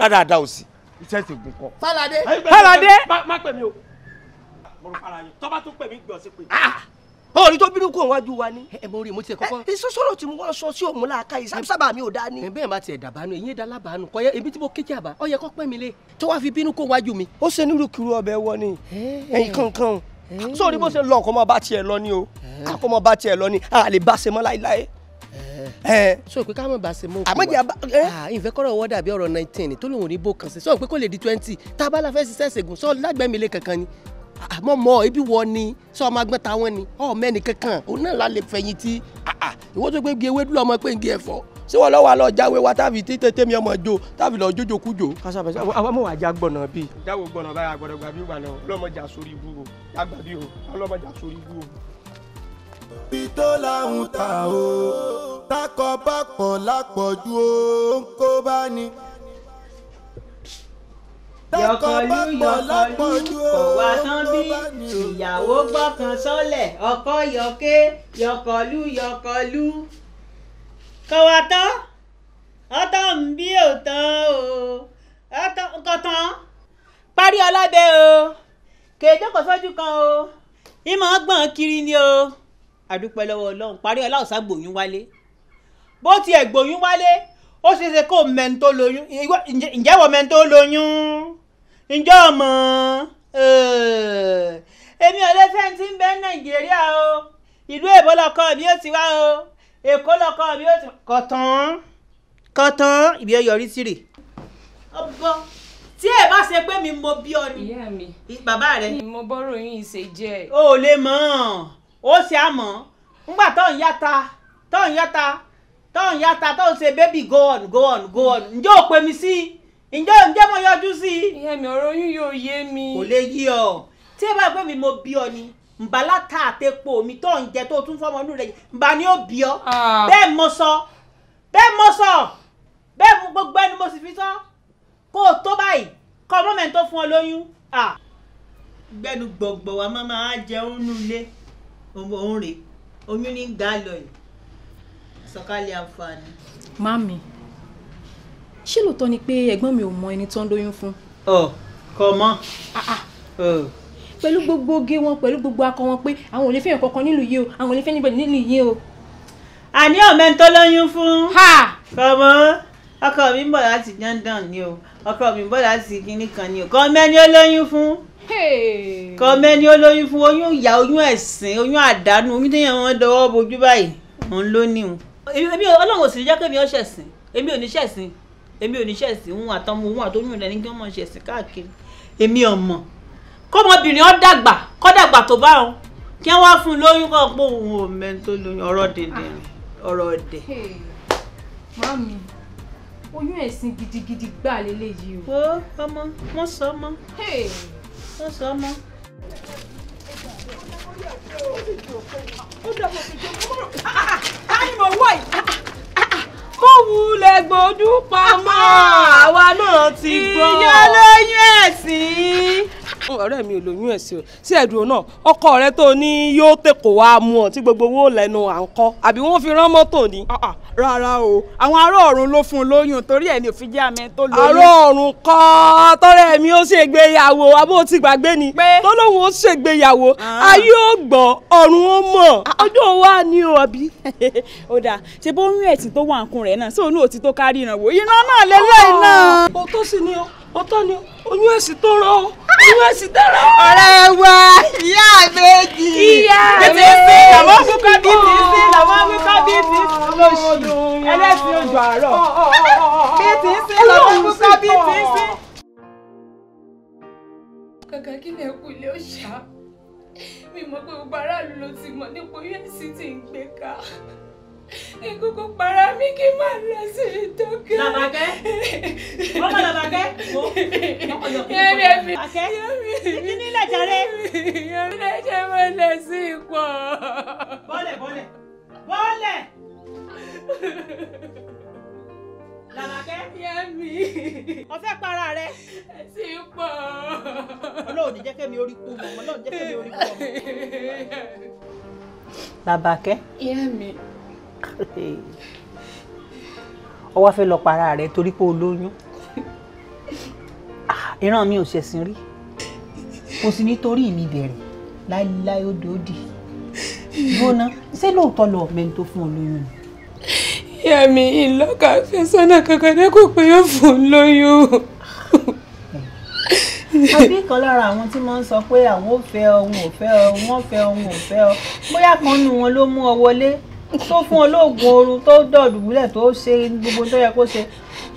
ládàáda ò sí iṣẹ́ ṣègùn kọ. Fálàdé Fálàdé má pè mí o mo rò Fálàdé tọ́ bá tún pè mí sí pé. Ah! orí tó bínú kò wájú wa ni. ẹ mo rí mo tiẹ̀ kọ́kọ́. ẹ sọ́sọ́rọ̀ tí mo wá sọ sí òun láàka yìí sábà mi ò dá ni. bẹ́ẹ̀ bá tiẹ̀ dàbánu èyí dá lábàánu kọ́ yẹ ebi tí mo kéjì àbá ọ yẹ kọ́ pẹ́ mi lé tó wá fi bínú kò wájú mi. ó ṣe nílùú kiri ọbẹ̀ wọ ni ẹyin kankan sórí bó ṣe lọ kó mọ bá tiẹ̀ lọ ni o kó mọ bá tiẹ̀ lọ ni a lè bá ṣe mọ́ láíláí so pé ká mọ̀ bá ṣe mọ́ òkú wa ìfẹ́kọ̀rọ̀ wọ́n dàbí ọ̀rọ̀ nineteen tó lóun ò ní bó kan sí so pé kó lè di twenty tá a bá la fẹ́ ṣiṣẹ́ ṣègùn sọ lágbẹ́mi lé kankan ni àmọ́ ah, mọ́ ibi wọ ni sọ ọmọ agbọ́n táwọn ni ọ mẹ́ni kankan òun náà la lè fẹ̀yìn tí ah, ah, ìwọ tó gbé gbé wédúrà ọmọ pé ń gé ẹ̀fọ́ ṣé wọn lọ́wọ́ àlọ́ jáwé wa tábì tí tètè mi ọmọ jo tábì lọ jójo kújo. kásáfẹsẹ àwọn ọmọ wa já gbọnà bíi. jáwó gbọnà báyà gbọdọ gbà bí wà náà ọlọmọdé àsorí ibú o yàgbà bí o ọlọmọdé àsorí ibú o. pító làwọn ta o takọ bá pọ̀ lápọ̀jù o ń kó bá ní tọkọlú yọkọlú kò wá tán bí ìyàwó gbọ́kàn sọ́lẹ̀ ọkọ yọké yọkọlú yọkọlú kò wá tán ọtọ ń bí òtán o ọtọ nǹkan parí ọlọ́bẹ o kèéjọ́ kò sójú kan o ìmọ̀ gbọ̀n kiri ni o àdúpẹ́ lọ́wọ́ ọlọ́run parí ọlá ọ̀sán gbòyún wálé bó tiẹ̀ gbòyún wálé ó ṣeéṣe kó mẹ́ni tó lóyún ǹjẹ́ wọ́n mẹ́ni tó lóyún ǹjọ́ ọmọ èmi ò lè fẹ́ ti ń bẹ nàìjíríà o ìlú èbó lọkọ mi ó ti wá o èkó lọkọ mi ó ti wá. kọ̀tán kọ̀tán ìbí ọ yọrí sí rè. ọgbọ́n tí ẹ bá ṣe pé mi mo bí ọ ni bàbá rẹ. mo bọ́rọ̀ yín ṣe jẹ́. o ò lè mọ̀ ó ṣe àmọ́ ńgbà tó ń yáta tó ń yáta tó ń yáta tó ń ṣe baby go on go on go on ǹjẹ́ ò pè mí sí i ǹjẹ́ ǹjẹ́ mo yọjú sí i. ìyẹn mi ọ̀rọ̀ oyún yóò yé mi. kò lè yí ọ tí ẹ bá gbé mi mo bí ọ ni nbala ta àtẹ̀pọ̀ mi tó ń jẹ tó tún fọmọ inú rẹ nba ni ó bí ọ ah. bẹ́ẹ̀ mo sọ bẹ́ẹ̀ mo sọ bẹ́ẹ̀ mo gbogbo ẹni mo sì fi sọ kó o tó báyìí kọ́ ọmọ mẹ́rin tó fún ọ lóyún. gbẹ́nu gbọ̀ngbọ̀n wa máa máa jẹ oúnú ilé òun rè oyún ní gbà yìí sọ̀kalẹ̀ àǹfààní. mami ṣé lóòótọ́ ni pé ẹ̀gbọ́n mi ò mọ ẹni tó ń lóyún fún. ọ kọ mọ. Ah, ah. pẹ̀lú gbogbo oge wọn pẹ̀lú gbogbo akọ wọn pé àwọn ò lè fẹ́yàn kankan nílùú yìí o àwọn ò lè fẹ́ níbẹ̀ nílùú yìí o. àní ọ̀mẹ́ tó lóyún fún. kọ mọ́ ọkọ mi ń bọ̀ láti London ni o ọkọ mi ń bọ̀ láti kinní kan ni o kọ mẹ́ni ó lóyún fún kọ mẹ́ni olóyún fún oyún ìyá oyún ẹ̀sìn oyún àdánù oyún téèyàn wọn dọwọ́ bojú báyìí òun ló ní o. èmi ọlọ́run ò sì ní jẹ́ kémi ọ̀ṣẹ̀sìn èmi ò ní ṣẹ̀sìn èmi ò ní ṣẹ̀sìn òun àtọmọ òun àtọyún rẹ̀ ní kí wọ́n mọ̀ ṣẹ̀sìn káàkiri èmi ọ̀mọ̀ kọ́mọbìnrin ọ̀ dàgbà kọ́ dàgbà tó bá wọn kí wọ́n fún un lóyún kọ́ pé òun ò mẹ́ni tó lóyún ọ̀rọ̀ dìndín ọ̀rọ̀ ọ̀dẹ̀. mami oyún ẹ̀sìn gidigidi gbà lélẹ́yìí o. o ọmọ wọn sọ ọmọ wọn sọ ọmọ. ó dàbọ̀ kìjọ mọ́rọ̀ ká ní mo wọ̀ yìí. Ah, ah, kó wulẹ̀ gbòdú pamọ́ àwa náà ti gbọ́. ìyá lóyún ẹ̀sìn. ọ̀rẹ́ mi ò lóyún ẹ̀sìn o sí ẹ̀dùn náà ọkọ rẹ tó ní yóò tèkó wa mú ọ tí gbogbo owó lẹ́nu à ń kọ́ àbí wọ́n fi rán mọ́tò ni. rárá o àwọn ará ọ̀run ló fún un lóyún torí ẹ̀ ní òfin jẹ́ àmì tó lóyún. ará ọ̀run kọ́ tọ́rẹ́ mi ó ṣègbéyàwó abó ti gbàgbé ni tó lóun ó ṣègbéyàwó ah. ayé ó gbọ́ ọ̀run ó mọ̀ ah. ọjọ́ wa ni o àbí. ó dáa ṣe bó ń rí ẹ̀sìn tó wà ń kún rẹ̀ rẹ̀ náà sóònù ò ti tó kárí ìrànwọ́ ìran náà lélẹ̀ iná. o tó sì ni o o tó ni oyún èsì tó rọ o oyún èsì dára. ọ̀rẹ́ wa ìyá méjì. ìyá méjì sí làwọn akókò bíi ti sí làwọn akókò bíi ti lóṣù ẹlẹ́sìn ojú àárọ̀ bíi ti sí làwọn akókò bíi ti sí. kàkà kí lè kú ilé òòṣà mi mọ̀ pé gbogbo aráàlú ló ti mọ̀ nípa oyún èsì tí ń gbé ká. Ìkúkú para mi kí n máa lọ sí ìtọ́kẹ́. Làbàkẹ́. Ọmọ làbàkẹ́. Yẹ́rẹ́ mi. Àkẹ́. Kí ni ilẹ̀ jàre? Yẹ́rẹ́ jẹ́ mo lè sí ipò. Bọ́lẹ̀ bọ́lẹ̀. Bọ́lẹ̀. Làbàkẹ́. Yẹ́mi. Ọ̀fẹ́ para rẹ. Sí ipò. Ọlọ́run jẹ́ kẹ́mi orí kú mọ́. Ọlọ́run jẹ́ kẹ́mi orí kú mọ́. Làbàkẹ́. Yẹ́mi. Yeah, ọ wá fẹ́ lọ para rẹ torí pé o lóyún ah, ìran mi ò ṣẹ̀sìn rí kò sí nítorí mi bẹ̀rẹ̀ láéláé ó dòódì gbóná ṣé lóòótọ́ lọ ọ̀mẹ́ni tó fún ọ lóyún ni ìyá mi ìlọ́kà fẹ́sọ́nà kankan ní kò pé yóò fún un lóyún. àbí kan lára àwọn tí wọ́n ń sọ pé àwọn ò fẹ́ ọ wọn ò fẹ́ ọ wọ́n fẹ́ ọ wọn ò fẹ́ ọ bóyá kan nù wọn ló mú ọ wọlé tó fún olóògùn oorun tó dọ̀dùbúlẹ̀ tó ṣe gbogbo tó yẹ kó ṣe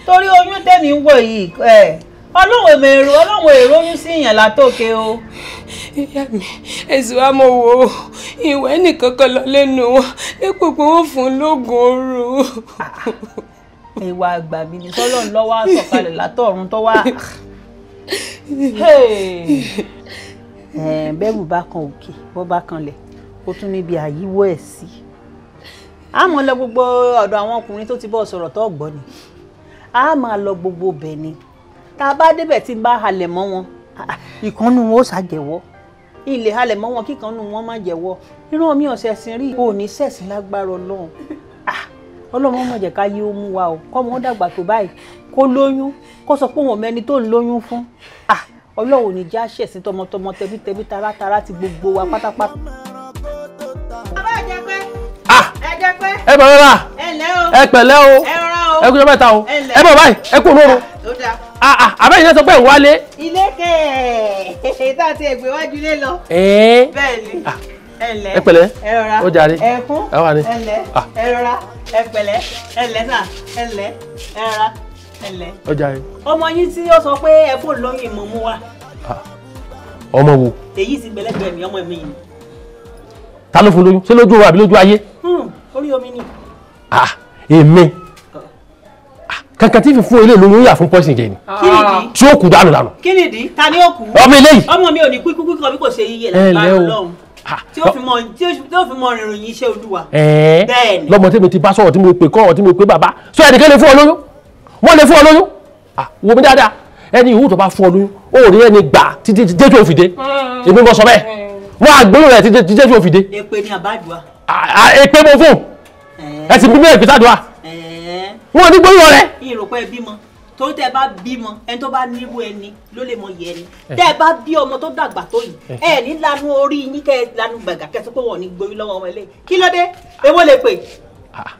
torí oyún tèmi ń wò yìí ẹ̀ ọlọ́run èmi èrò ọlọ́run èrò oyún sí ìyàn látòkè o. ìyá mi ẹ̀sùn wa mo wò ó ìwé nìkan kan lọ lẹ́nu wọn dípò pé wọ́n fún un lóògùn oorun. Ah, ìwà àgbà mi ni tọ́lọ́run lọ́wọ́ àsọ̀kalẹ̀ látọ̀run tó wá bẹ́ẹ̀rù bá kan òkè bọ́ bá kanlẹ̀ ó tún níbi àyíwọ́ ẹ̀ sí a máa lọ gbogbo ọ̀dọ̀ àwọn ọkùnrin tó ti bọ́ sọ̀rọ̀ tó gbọ́ ni a máa lọ gbogbo bẹ̀ ni tá a bá débẹ̀ tí n bá halẹ̀ mọ́ wọn ah, ìkànnù wọn ó ṣàjẹ̀wọ́ ilé halẹ̀ mọ́ wọn kíkànnù wọn má jẹ̀wọ́ irú omi ọ̀sẹ̀ sin rí o ní sẹ̀sìn lágbára ọlọ́run ah, ọlọ́run ọmọ jẹ̀ ká yé ó mú wa o kọ́mọ ó dàgbà tó báyìí kó lóyún kó sọ pé òun mẹ́ni tó ń lóyún fún ah, ọlọ́run ò ní já ṣẹ̀sìn tọmọtọmọ tẹbítẹbí taratara ti gbogbo wa pátápátá. ẹ bọ̀ rárá ẹ pẹ̀lẹ́ o ẹ kújọ mẹ́ta o ẹ bọ̀ báyìí ẹ kú olóró àbẹ́yìn náà sọ pé ìwálé. ilé kẹ̀ẹ́ tá a ti ẹ̀gbẹ́ wájú lé lọ. bẹ́ẹ̀ ni ẹ pẹ̀lẹ́ ó jàre ẹkún ẹlẹ ẹrọra ẹ pẹ̀lẹ́ ẹlẹ náà ẹlẹ ẹrọra ẹlẹ. ó jàre. ọmọ yín tí ó sọ pé ẹ kò lóyún ìmọ̀ mú wa. ọmọ wo. èyí sì gbẹlẹgbẹ mi ọmọ mi yìí ta ló fún lóyún ṣé lójú wa àbí lójú ayé. Hmm, orí omi ni. ah èmi ah. Ah, kankan tí fi fún ilé lóyún yà fún poison jẹ ni. Ah. kíni di tí ó kú dànù dànù. kíni di ta ni ó kú. ọmọ eléyìí. ọmọ mi ò ní kúkú kúkú bí kò ṣe yíyẹ lágbára Ọlọ́run tí ó fi mọ tí ó fi mọ rìnrìn yìí ṣe olúwa. bẹ́ẹ̀ ni lọmọ tí mi ti bá sọ̀rọ̀ tí mo pè kọ́ ọ̀rọ̀ tí mo pè bàbá sọ ẹnìkan lè fún ọ lóyún wọ́n lè fún ọ lóyún wo mi dáadáa ẹni ìwúrò tó bá fún ọ lóyún ó rí ẹni gbà títí jẹ́jọ́ òfìdé hmm. èmi mọ sọ bẹ́ẹ̀ wọ́n àgbélò rẹ̀ títí tí ó fi dé. èpè ni àbájúwa. èpè mo fún ẹ sì bíbélì pé sádùá. wọn ò ní gbóyò rẹ. ìròpọ̀ ẹ bímọ tó tẹ bá bímọ ẹni tó bá nírú ẹni ló lè mọ yẹ ẹni tẹ bá bí ọmọ tó dàgbà tó yìí ẹ ní lanu orí yín kẹ lanu gbàgà kẹsàn-án pé wọn ò ní gbóyò lọ́wọ́ ọmọ ilé kí ló dé èwo lè pè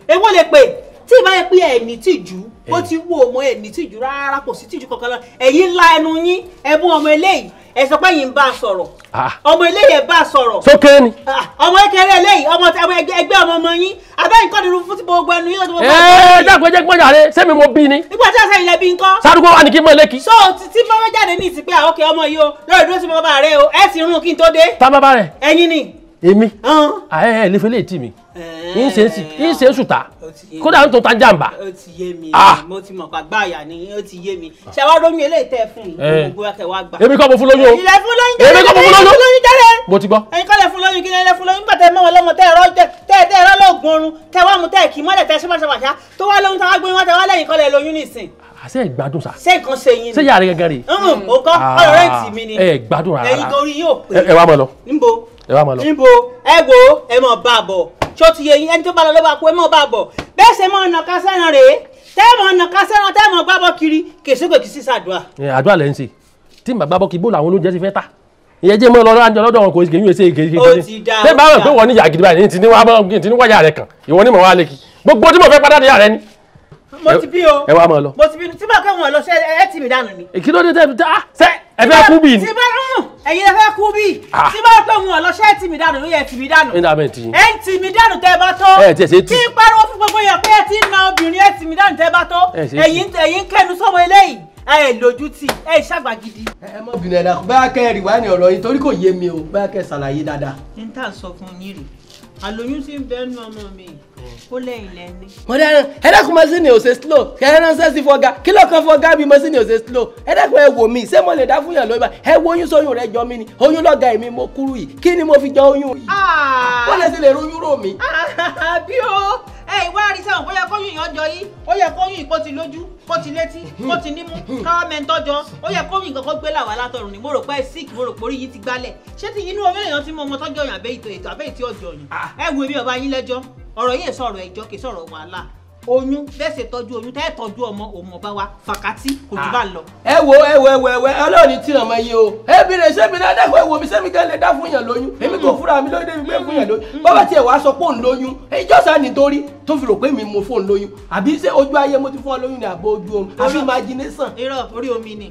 èwo lè pè tí ìbá yẹ pé ẹ̀mí tìjú ó ti wú ọmọ ẹ̀mí tìjú rárá kò sí tìjú kankan lọ ẹ̀yin la ẹnu yín ẹ̀bùn ọmọ eléyìí ẹ pé yìí ń bá a sọ̀rọ̀ ah. ọmọ eléyìí ẹ̀ bá a sọ̀rọ̀ sókè ni ah, ọmọ kékeré eléyìí ọmọ ẹgbẹ́ ọmọ ọmọ yín abẹ́yìn kọ́ nínú fún ti gbogbo ẹnu yín lọ́dún gbogbo eh, ẹnu yín. ẹ ẹ dàgbẹ́ jẹ́ pọ́njà rẹ sẹ́mi mo bí ni. nígbà tí àṣà ilẹ̀ bí ń kọ́. wa ni kí n mọ lẹ́kì. so tí bàbá jáde ní ìsìnkú àwọn ah, ọmọ yìí o lórí dúró sí bàbá rẹ o ẹ sì rún kí n tó dé. tá bàbá rẹ. ẹ̀yin ni. èmi. ẹ ẹ lè fẹ́ lè tì mí ìṣe sùtà kódà ń tó ta jàǹbá. ó ti yé mi ah! mo ti mọ̀ pàgbà àyà ni ó ti yé mi ṣàwọn romi eléyìí tẹ fún mi eh. gbogbo akẹ́ wa gbà. èmi kọ́ mo fún lóyún o ilẹ̀ fún lóyún jẹ́rẹ́ èmi kọ́ mo fún lóyún jẹ́rẹ́. mo ti gbọ́. ẹ̀yin kọ́ lẹ̀ fún lóyún kíni ẹ̀lẹ́ fún lóyún pàtẹ́ mọ́ wọn lọ́mọ tẹ́ ẹ̀rọ tẹ́ tẹ́ ẹ̀rọ lóògùn oorun tẹ́ wá mu tẹ́ kì í mọ́lẹ̀ tẹ́ ṣẹ́mọ́ṣẹ́mọ́ṣá tó wá lóyún táwa gbóyún wá tẹ́ wá lẹ́yìn kọ́ lẹ̀ lóyún nìsín àṣẹ ìgbádùn sa. ṣé nǹkan ṣe yín ni. ṣé yàrá gẹ́gẹ́ rè. o kọ ah, ọ̀rọ̀ rẹ tì mí ni. ẹ gbádùn rárá. ẹ̀yin torí yóò pé. ẹ wá máa lọ. níbo. ẹ wá máa lọ. níbo ẹ wo ẹ mọ̀ bá a bọ̀ ṣó ti yẹ yín ẹni tó bá lọ ló bá kú ẹ mọ̀ bá bọ̀ bẹ́ẹ̀ ṣe mọ̀ ọ̀nà kásánà rèé tẹ́ẹ̀mọ̀ ọ̀nà kásánà tẹ́ẹ̀mọ̀ gbábọ̀ kiri kèsókè kìí sísàdùà. àdúrà lẹ́ ń ṣe tí màgbà bọ́ kí bó làwọn olóúnjẹ ti fẹ́ ta ìyẹn jẹ́ mọ́ ọ lọ́dọ̀ lọ́dọ̀ wọn kò sí kèyí ẹsẹ̀ èké kékeré bẹ́ẹ̀ bá wọn pé wọ́n ní yàgídí báyìí ní ti ní wáyà kàn ìwọ ní mọ̀ wá lékì gbogbo tí mo fẹ́ padà ní yàrá ni mo ti bí o ẹ wá máa lọ. mo ti bí tí bá kẹ́wọ̀n lọ ṣe ẹ ti mi dànù ni. kí ló dé tẹ́ ẹ ah, ṣe ẹ fẹ́ kú bí ni. tí bá ń ẹ̀yin ẹ fẹ́ kú bí ah. tí bá kẹ́wọ̀n lọ ṣe ẹ ti mi dànù ni ẹ ti mi dànù. ẹ̀yin àbẹ̀ ti. ẹ ti mi dànù tẹ́ ẹ bá tó. ẹ tiẹ̀ ṣe tu. kí n pariwo fún gbogbo yẹn pé ẹ ti na obìnrin ẹ ti mi dànù tẹ́ bá tó. ẹ̀yin kẹnu sọmọ eléyìí ẹ lójú tí ẹ ṣàgbà gidi. ẹ mọ bìnrin ẹ̀dá bá kẹ́ rìwá ni ọ̀rọ̀ yìí torí kò yé mi o bá kẹ́ ṣàlàyé dáadáa. ní tá à ń sọ fún yín rè alóyún ti ń bẹ́ẹ̀ nú ọmọ mi ó lẹ́yìn lẹ́ni. mo dẹ́rán ẹ̀dẹ́kun mọ́sínì ò slow kẹ́hẹ́ ránṣẹ́ sí fọ́gá kí lọ́kàn fọ́gá bíi mọ́sínì ò ṣe slow ẹ̀dẹ́kun ẹ wò mí ṣé mo lè dá fún yàn lóyún ẹ wo oyún sóyún rẹ jọ mí ni oyún lọ́gà èmi mo kúrú yìí kí ni mo fi jọ oyún yìí. wọ́n ah! lè ṣe lè ronú rò mí. àbí ah, o ẹ ìwá rí sẹ́wọ̀n bóyá kó yùn yàn jọ yìí ó yẹ kó yùn kó ti lójú kó ti létí kó ti nímú káwá mẹ́ńtọ́jọ ó yẹ kó yùn kankan gbé làwọn alátọrùn ni mo rò pé sick mo rò pé orí yìí ti gbálẹ̀ ṣé ti inú omi èèyàn ti mọ ọmọ tọ́jọ́ yàn àbẹ́ ètò ètò àbẹ́ ètò ọ̀jọ̀ yàn ah. ẹ wo èmi ọba yín lẹ́jọ́ ọ̀rọ̀ yìí sọ̀rọ̀ ẹjọ́ kì í sọ̀rọ̀ wàhálà oyún bẹ́sẹ̀ tọ́jú oyún tẹ́ẹ̀ tọ́jú ọmọ òmùọ̀bá wa fàkàtì kò jù ah. bá lọ. ẹ wo ẹ wo ẹ wo ẹ wo ọlọ́run ní tìràn mọ iye o ẹ bìrẹ̀ ṣé mi náà dẹ́kun ẹ wo mi ṣé mi gẹ́ lè dá fún yàn lóyún èmi kò mm. fúnra mi lóyún débi pé mm. fún yàn lóyún bàbá tiẹ̀ wàá sọ pé òun lóyún ìjọsà nítorí tó fi rò pé mi mo fóun lóyún àbí ṣé ojú ayé mo ti fún ọ lóyún ní àbọ̀ ojú oorun àbí imagination. irọ́ orí omi ni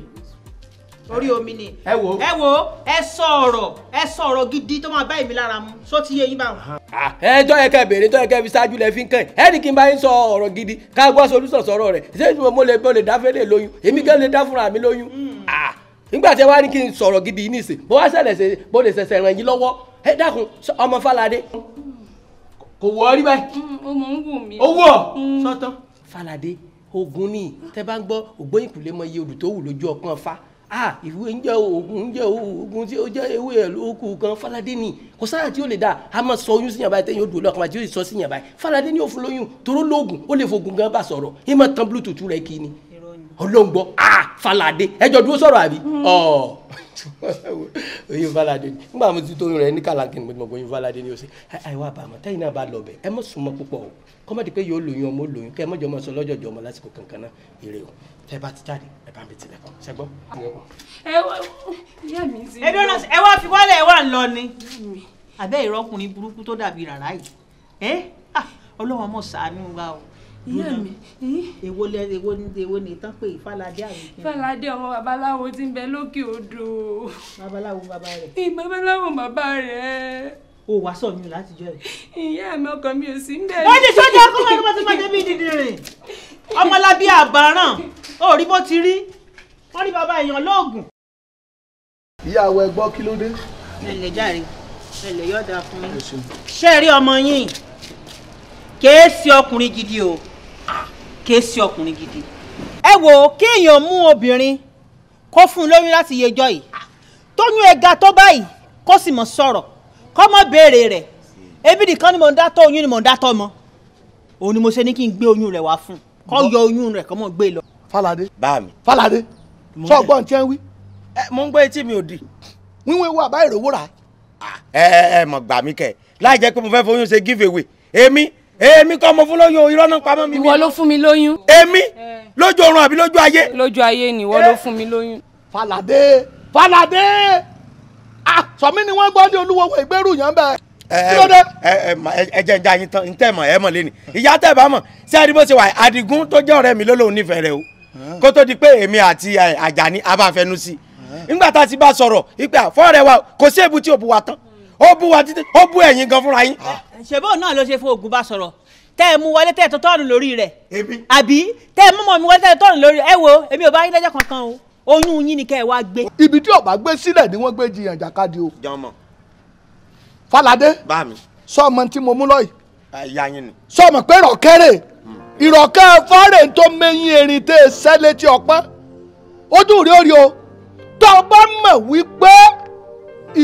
orí omi ni ẹ wo ẹ wo ẹ sọ ọ̀rọ̀ ẹ sọ ọ̀rọ̀ gidi tó máa bá èmi lára mu só ti yé yín bá wọn. ẹ jọ yẹ kẹ béèrè tó yẹ kẹ fi ṣáájú lẹ fi ń kàn ẹ ní kí n bá yín sọ ọ̀rọ̀ gidi ká gbọ́ solúsọ̀ sọ̀rọ̀ rẹ̀ ṣé mo lè mo lè dáfẹ́lẹ̀ lóyún èmi gan lè dá fúnra mi lóyún hmm. nígbà tí ẹ wá ní kí n sọ̀rọ̀ gidi yìí nìsín mo wá ṣẹlẹ̀ ṣe mo lè ṣẹ̀ṣẹ̀ ràn yín lọ́wọ́ ẹ dákun ọmọ Fálàdé kò wọ́ rí báyìí. ọmọ hmm, ń wù mí. owó hmm. sọtán Fálàdé ogun ni tẹ bá ń gbọ́ ògbóyìnkùlé mọ iye olùtọ́wù lójú ọpọ́n fa ah ìwé ń jẹ́ oògùn ń jẹ́ oògùn tí ó jẹ́ ewé ẹ̀ lóko kan falade ni kò sára tí ó lè dá a máa sọ oyún síyàn báyìí tẹ́yìn ó dùn lọ́kàn àti yóò sọ síyàn báyìí falade ni ó fún lóyún toró lóògùn ó lè fògùn gan bá sọ̀rọ̀ yín máa tan bluetooth rẹ̀ kì í ni ọlọ́ngbọ́ ah falade ẹjọ́ dúró sọ̀rọ̀ àbí mm-hmm. ọ̀ oyin falade ni nígbà mo ti tóyún rẹ ní kàlàkì ni mo oyin falade ni o ṣe àìwá àbàmọ́ tẹ́yìn náà bá lọ bẹ̀ ẹ mọ̀ súnmọ́ púpọ̀ o kọ́mọ̀dé pé yóò lóyún ọmọ lóyún kẹ́ ẹ mọ̀jọ́ ọmọ sọ lọ́jọ́jọ́ ọmọ lásìkò kankan náà èrè o tẹ́ bá ti jáde ẹ bá mi tilẹ̀ kàn ṣẹ́gbọ́. ẹ wá fi wálé ẹ wá ń lọ ni àbẹ́ ìrọ́kùnrin burúkú tó dàbí ràrá yìí ọlọ́wọ́n mọ̀ ṣàánú wa o ìyá mi. èwo lẹ èwo ní èwo ní tán pé ìfàlàdé àwọn kìnìún. ìfàlàdé ọmọ babaláwo ti ń bẹ lókè odò. babaláwo bàbá rẹ. babaláwo bàbá rẹ. o wàá sọ mi láti jọ ẹ. ìyá mi ọkàn mi ò sí ń bẹ̀rẹ̀. ó ti sọ́jà kó máa tó máa tó máa débi ìdìrìn ọmọlábí àbáràn ó rí bó ti rí wọ́n rí bàbá èèyàn lóògùn. ìyàwó ẹ gbọ́ kí ló dé. ẹ lè jàre ẹ lè yọ̀dà fún mi. ṣé ẹ rí ọmọ yín kèé sí ọkùnrin gidi o kì í ṣe ọkùnrin gidi. ẹ wò ó kí èèyàn mú obìnrin kó fún un lóyún láti yejọ́ yìí tóyún ẹ̀ga tó báyìí kó sì mọ̀ sọ̀rọ̀ kó mọ̀ béèrè rẹ̀ ebi nìkan ni mò ń dátọ́ oyún ni mò ń dátọ́ ọmọ òun ni mo ṣe ní kí n gbé oyún rẹ̀ wá fún un kó yọ oyún rẹ̀ kó mọ̀ gbé e lọ. Falade báàmì Falade sọ ọgbọ́n tí ń wí. mo ń gbé etí mi ò di. wíwọ́n wà báyìí rówó rà. Ah, ẹ ẹ mọ̀ gbà mí kẹ̀ láì jẹ́ pé mo fẹ́ foyún ṣe give away èmi èmi kọ́ mo fún lóyún irọ́ náà pamọ́ mi. ìwọ ló fún mi lóyún. èmi lójú oorun àbí lójú ayé. lójú ayé ni ìwọ ló fún mi lóyún. Falade Falade ah, sọmi ni wọn gbọ́ ní olúwo ìgbérù yẹn bẹ́ẹ̀ ẹjẹ njẹ ayin tán ntẹ mọ ẹ mọ lẹni ìyá tẹ bá mọ ṣé ẹni bó ṣe wà Adigun tó jẹ́ ọ̀rẹ́ mi lọlọrun nífẹ̀ẹ́ rẹ o kó tó di pé èmi àti Àjàní abáfẹnusí nígbà tá a ti bá sọ̀rọ̀ ìpè àfọrẹ wa kò sí èbúté òbú wa tán ó bú wa títí ó bú ẹ̀yin gan fúnra yín. Ah. ṣèbó náà ló ṣe fún ogun bá sọ̀rọ̀ tẹ́ ẹ mú wọlé tẹ́ ẹ tó lórí rẹ̀ àbí tẹ́ ẹ mú mọ̀ mi wọlé tẹ́ ẹ tọ́ọ̀nù lórí ẹ wo èmi ò bá yín lẹ́jọ́ kankan o oyún yín ni kẹ́ ẹ wá gbé. ibi tí ọba gbé sílẹ̀ ni wọ́n gbé jiyàn jàkadì o. jọmọ. falade sọmọ tí mo mú lọ yìí sọmọ pé rọ̀kẹ́rẹ́ hmm. ìrọ̀kẹ́ fọ́ọ̀rẹ́ tó mẹ́yìn erin tẹ́ ẹ sẹ́lẹ̀ tí ọpọ́n ojú rí orí o tọ́ ọ bá wípé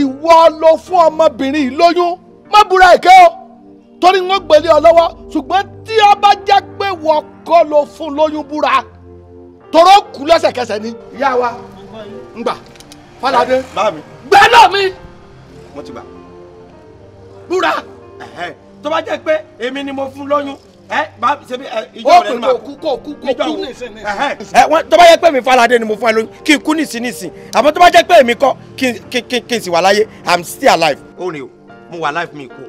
ìwọ ló fún ọmọbìnrin yìí lóyún má búra ẹ̀kẹ́ o torí wọ́n gbélé ọ lọ́wọ́ ṣùgbọ́n tí a bá jẹ́ pé wọ́n kọ́ ló fún lóyún búra tọrọ kú lẹ́sẹ̀kẹsẹ̀ ni. ìyá wa ń gbà Fálàdé gbẹ́ náà mi. mo ti gbà. búra. tó bá jẹ́ pé èmi ni mo fún lóyún ẹ bá ṣe bí ìjọ rẹ ni ma ó kú kó kú kó kú tó bá yẹ pé mi faladé ni mo fún ẹ lóyún kí n kú nìsín nìsín àmọ́ tó bá jẹ́ pé èmi kọ́ kí n kí n sì wà láyé i'm still alive. ó rè o mo wà alive mi kú.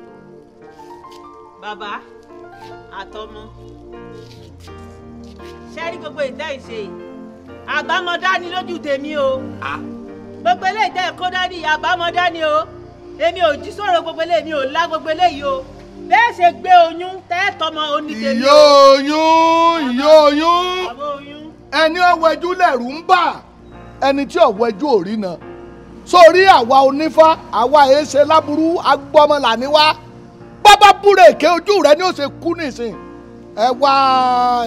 bàbá àtọmọ ṣe rí gbogbo ìdá ìṣe yìí ni lójú tèmi o gbogbo eléyìí tẹ kó dání àbámọ̀dá ni o èmi ò jí sọ̀rọ̀ gbogbo eléyìí mi ò lá gbogbo eléyìí o bẹ́ẹ̀ ṣe gbé oyún tẹ́ tọmọ oníkèlè. ìyó oyún ìyó oyún ẹni ọwẹ́jú lẹ̀rú ń bà ẹni tí ọwẹ́jú ò rí na sórí àwa onífá àwa èé ṣe láburú agbọ́mọlà ni wá bábá búrèké ojú rẹ ni ó ṣe kú nísìn ẹ wá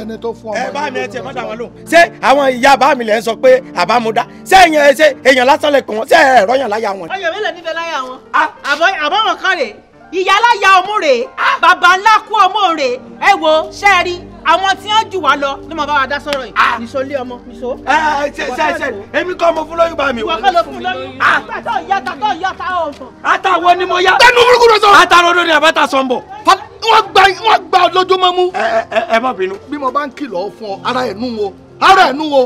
ẹni tó fún ọmọ yìí. ẹ bá mi ẹ tiẹ̀ mọ́ dà wọ́n lò ṣé àwọn ìyá bá mi lẹ̀ ń sọ pé àbámúdá ṣé èèyàn ṣe èèyàn lásán lẹ̀ pè wọ́n ṣé ẹ̀rọ yàn láyà wọn. ọyọ mi lè nífẹ̀ẹ́ láyà wọn ah. àbọ̀ àbọ̀ wọn rèé ìyáláyà ọmú rèé bàbá ńlá kú ọmọ rèé ẹ wo ṣe é rí àwọn tí wọn jù wá lọ ló máa bá wa dá sọ̀rọ̀ yìí ah. nìṣó lé ọmọ nìṣó. ẹ ẹ ṣe ṣe ṣe èmi kọ́ mo fún lóyún bá mi. ìwọ kọ́ ló fún lóyún. àtàtọ̀ ah. ìyàtà tó ìyàtà ọ̀fọ̀. àtàwọ ni mo yá. bẹ́ẹ̀ni burúkú ló sọ. àtàrọ̀dọ̀ ni àbáta sọ ń bọ̀. wọ́n gba wọ́n gba lójúmọ́ mú. ẹ ẹ ẹ má bínú. bí mo bá ń kìlọ̀ fún ọ ara ẹ̀ nú wo ara ẹ̀ nú wo.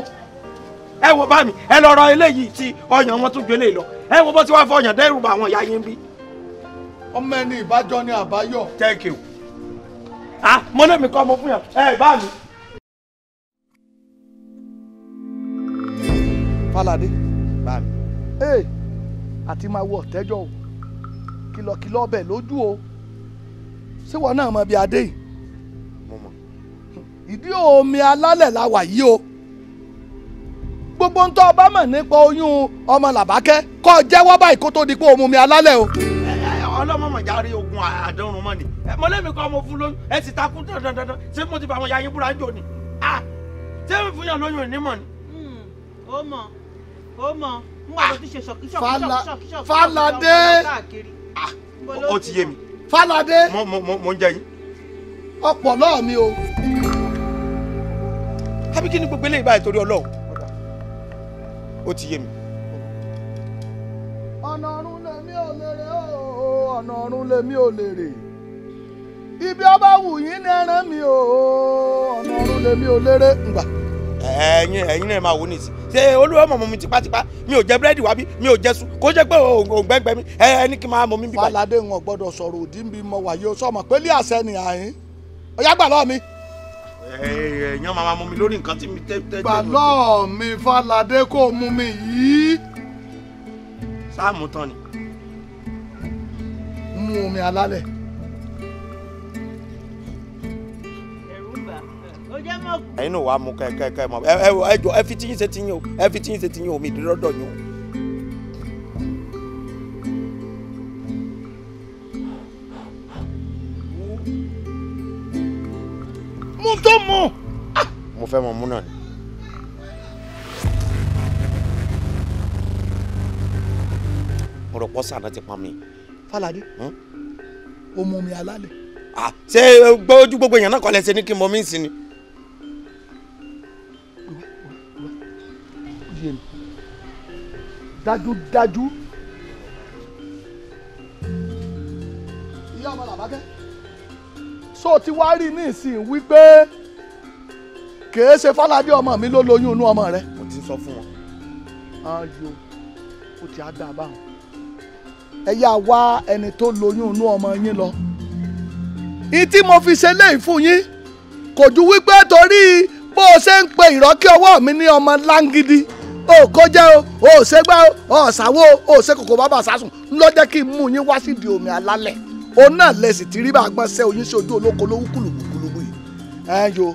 ẹ wo bá mi ẹ lọ rọ eléyìí tí ọyàn wọn tún gbélé lọ ẹ wo bó ti wá fọyàn dẹ́rù bá àwọn ìyá yín bí ọmọ ẹni ìbájọ ni àbáyọ. thank you. ah mọ́lẹ́ mi kọ́ ọmọ fún yàn ẹ bá mi. Fálàdé bá mi. ee àti máa wọ ọ̀tẹ́jọ́ o kìlọ̀kìlọ̀ ọbẹ̀ lójú o ṣé náà mọ bí adé yìí. ìdí omi alálẹ̀ la wà yìí o gbogbo ń tọ́ ọba mọ̀ nípa oyún ọmọ làbákẹ́ kọ́ jẹ́wọ́ báyìí kó tó di pé òun mi alálẹ̀ o ọlọ́mọ mọ̀já ogun àdánrun mọ́ ni kọ́ ọmọ fún lóyún ẹ sì takú dandan ṣé mo ti bá àwọn yayin búra jò ni ṣé mi fún yàn lóyún ìnímọ̀ ni. Hmm, ó mọ ó mọ n wà ló ti ṣe ṣọkí ṣọkí ṣọkí ṣọkí Fálàdé ó ti yé mi. Fálàdé mo ń jẹ yín. ọpọlọ mi o. àbí kí ni gbogbo eléyìí báyìí torí Ọlọ́run ó ti yé mi. ọ̀nà ọ̀run lèmi ò lè rè ibi ọba wù yín ní ẹran mi ò ọ̀nà ọ̀run lèmi ò lérè ngbà. ẹ̀yin ẹ̀yin náà máa wò ní ìsìn ṣe olúwa mọ̀mọ́ mi tipátipá mi ò jẹ búrẹ́dì mi ò jẹ sùn kó jẹ pé òǹgbẹ́ngbẹ́ mi ẹni kí n máa mọ̀ mí bí báyìí. falade ń gbọdọ sọrọ òdì ń bí mọ wàyí o sọmọ pé lé àṣẹ ọyá gbà lọ mi. máa mi lórí nǹkan tí mi tẹ́tẹ́. gbà mi falade kò mú mi yìí. ni. mu omi alálẹ̀. ẹ̀yin náà wàá mú kẹ́kẹ́kẹ́ mọ́ ẹ ẹ jọ ẹ fi tíyín ṣe tíyín o ẹ fi tíyín ṣe tíyín o mi ìdílọ́dọ̀ yín o. mú tó mú. Ah! mo fẹ́ mọ mú náà ni. mo rò pọ́ sànà ti pa mi. Fálàdé o mọ omi alálẹ̀. ṣé gbọ́jú gbogbo èèyàn náà kọ́ lẹ́sẹ̀ ní kí n mọ mí sí ni. dájúdájú ìyá ọmọ làbákẹ́ so ti wá rí ní ìsìn wípé kèé ṣe Fálàdé ọmọ mi ló lóyún inú ọmọ rẹ. mo ti sọ fún wọn. ayo o ti á dá a báwọn ẹ yá wá ẹni tó lóyún inú ọmọ yín lọ. ìtí mo fi ṣe léyìí fún yín kò ju wípé torí bó o ṣe ń pe ìrọ́kẹ́ ọwọ́ mi ní ọmọ láńgídí o kò jẹ́ o o ò ṣe gbá o ò ṣàwó o ò ṣe kòkò bàbà sásùn ló jẹ́ kí n mú yín wá sídìí omi alálẹ̀ òun náà lè sì ti rí bá a gbọ́n ṣe oyin ṣe ojú olóko lówú kùlùkùlùkù yìí ẹ yo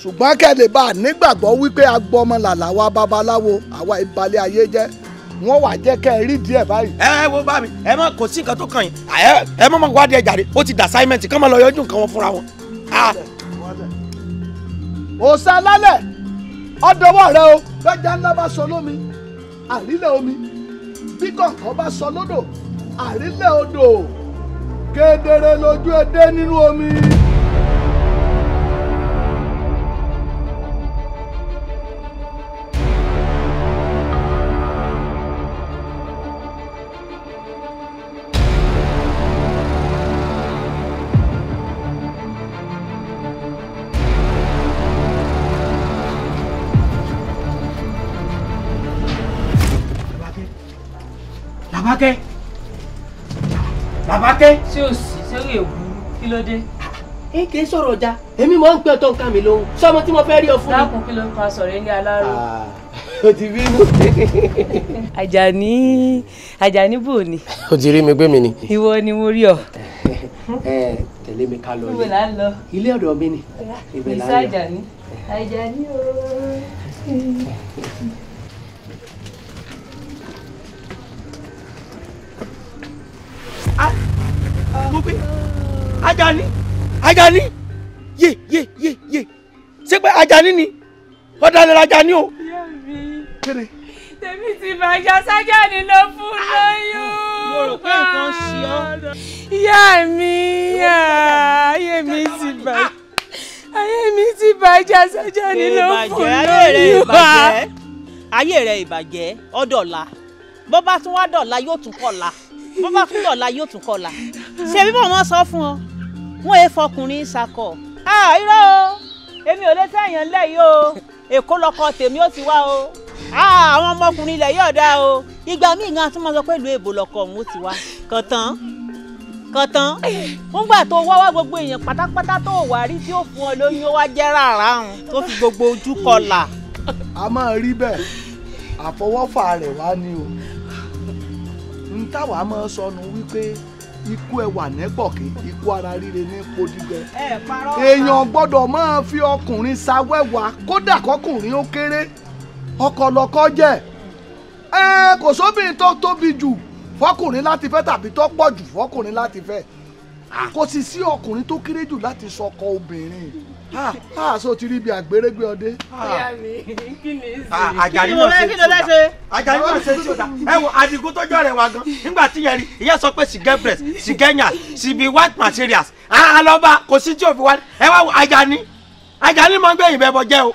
ṣùgbọ́n kẹ́lẹ́ bá a nígbàgbọ́ wípé agbọ́mọlàlà wa babaláwo àwa ìbalẹ̀ ayé jẹ́ wọ́n wà jẹ́ kẹ́ ẹ rí díẹ̀ báyìí. ẹ wo bá mi ẹ má kò sí nǹkan tó kàn yín ẹ má má wádìí ẹ jàre ó ti dà assignment kán má lọ yọjú nǹkan wọn fúnra wọn. òòsàn alálẹ̀ ọ̀dọ́wọ́ rẹ o bẹ́jà ńlá bá sọ lómi àrílẹ̀ omi bí kọ̀ọ̀kan bá sọ lódò àrílẹ̀ odò kedere lójú edé nínú omi. àbákẹ́. ṣé o sì sẹ́rí èkú kí ló dé. ẹ kì í sọ̀rọ̀ ọjà èmi mọ̀ ń pẹ́ tó nǹkan mi lóhùn sọmọ tí mo fẹ́ rí ọ fún mi. dákun kí ló ń pa sọ̀rọ̀ ilé aláró. Ah, o ti bínú. àjàní àjàní bò ni. o ti rí mi gbé mi ni. ìwọ ni mo rí ọ. ẹ tẹ̀lé mi ká lọ ilé ilé ọ̀dọ̀ mi ni. ibẹ̀ là ń lọ. àjàní àjàní mo gbé Ajani Ajani ye ye ye ye. ṣé pé Ajani ni ọ̀dàlẹ̀ Ajani o. tèmi ti bàjẹ́ sájàní ló fún ah, lóyún. mo rò pé nǹkan ṣe ọ́. ìyá mi ayé mi ti bàjẹ́ ah. ayé mi ti bàjẹ́ Sajani ló fún lóyún wa. ayé rẹ̀ ìbàjẹ́ ọ̀dọ̀la bó bá tún wá dọ̀la yóò tún kọ̀ la bó bá tún dọ̀la yóò tún kọlà ṣe bí bọ́ọ̀ mọ́ sọ fún ọ wọn èé e fọkùnrin ṣakọ irọ́ o èmi ò lè tẹ̀yàn lẹ̀ yìí o èkó lọkọ tèmi ó ti wá o àwọn ọmọkùnrin ilẹ̀ yóò dáa o ìgbà míì gan atúmọ̀ sọ pé ìlú èbò lọkọ òun ó ti wá kọ̀tàn kọ̀tàn ńgbà tó wá wá gbogbo èèyàn pátápátá tó wà rí tí ó fún ọ lóyún ó wá jẹ́ rárá òun tó fi gbogbo ojú kọlà. a máa rí bẹ́ẹ̀ àfọwọ́fà rẹ̀ wá ni o n táwa máa sọnù wípé ikú ẹwà nẹ́gbọ̀kẹ́ ikú ara ríre ní podigbe. èèyàn gbọ́dọ̀ máa fi ọkùnrin ṣawẹ́wà kódà kọkùnrin ó kéré ọkọlọkọ jẹ́ ẹ kò sóbìnrin tó tóbi jù fọkùnrin láti fẹ́ tàbí tó pọ̀ jù fọkùnrin láti fẹ́ ah. kò sì sí ọkùnrin tó kéré jù láti sọkọ obìnrin a so ti rí ibi àgbérégbé ọdẹ. àjàní náà ṣe tí ó dá àjàní náà ṣe tí ó dá ẹ wo àdìgún tó jọ rẹ wá gan nígbà tí yẹn rí ìyá sọ pé she get breast she Kenya, yansh she be white materials alọba kò sí tí ò fi wá ẹ wá wo àjàní àjàní máa ń gbẹ̀yìn bẹ́ẹ̀ bọ́ jẹ́ o.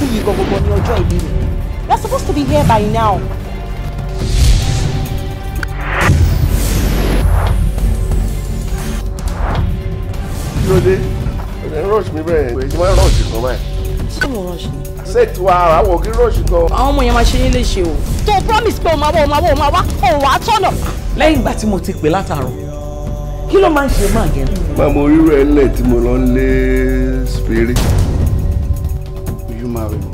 yìí gbogbo ní ọjọ́ ìbí mi. You're supposed to be here by now. kí ló dé ọ̀sẹ̀ ń rọ̀ṣì mi bẹ́ẹ̀ ìwé ìjìmọ̀ rush kan báyìí. ṣé mo rọ̀ṣì ni. ṣètò ara wọ̀ kí rọ̀ṣì gan. àwọn ọmọ yẹn máa ṣe yín léṣe o. tó o promise pé o máa wá o máa wá o máa wá o wà á tọ̀nà. lẹ́yìn ìgbà tí mo ti pè látàárọ̀ kí ló máa ń ṣe máa gẹ̀. máa mo rírọ ẹlẹ tí mo lọ lé spiri. you marry me.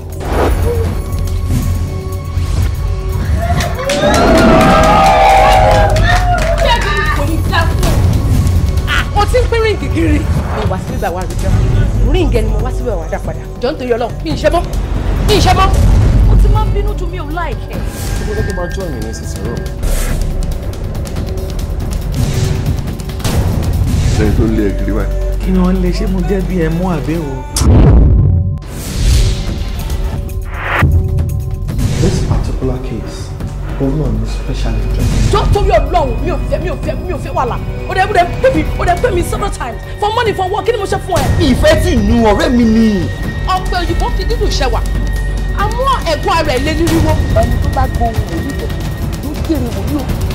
o ti ń pín ríǹgì kiri. mo wá sí ibà wa rí jọ ríǹgì ẹni mo wá sí ibà wa dá padà jọ nítorí Ọlọ́run mi ì ṣe mọ́ mi ì ṣe mọ́. ó ti máa ń bínú ju mi ò láìkẹ́. ṣé kí ló máa jọ ìrìn ìsinsìnyí rò. lẹ́yìn tó lé ẹ̀gírí wa. kí ni wọ́n lè ṣe mo jẹ́ bí ẹ mú àbẹ́ o. This particular case Ọlọ́run ní special interest. jọ torí Ọlọ́run mi ò fẹ́ mi ò fẹ́ mi ò fẹ́ wàhálà o dẹ o dẹ pè mí o dẹ pè mí several times for money for work kí ni mo ṣe fún ẹ. ìfẹ́ ti nu ọ̀rẹ́ mi ni. ọ̀pẹ òyìnbó fi dídùn ṣẹwà àmọ́ ẹ̀gbọ́n rẹ̀ lé níriwo. ẹni tó bá gbọ́ ohun tó kéré wòlíò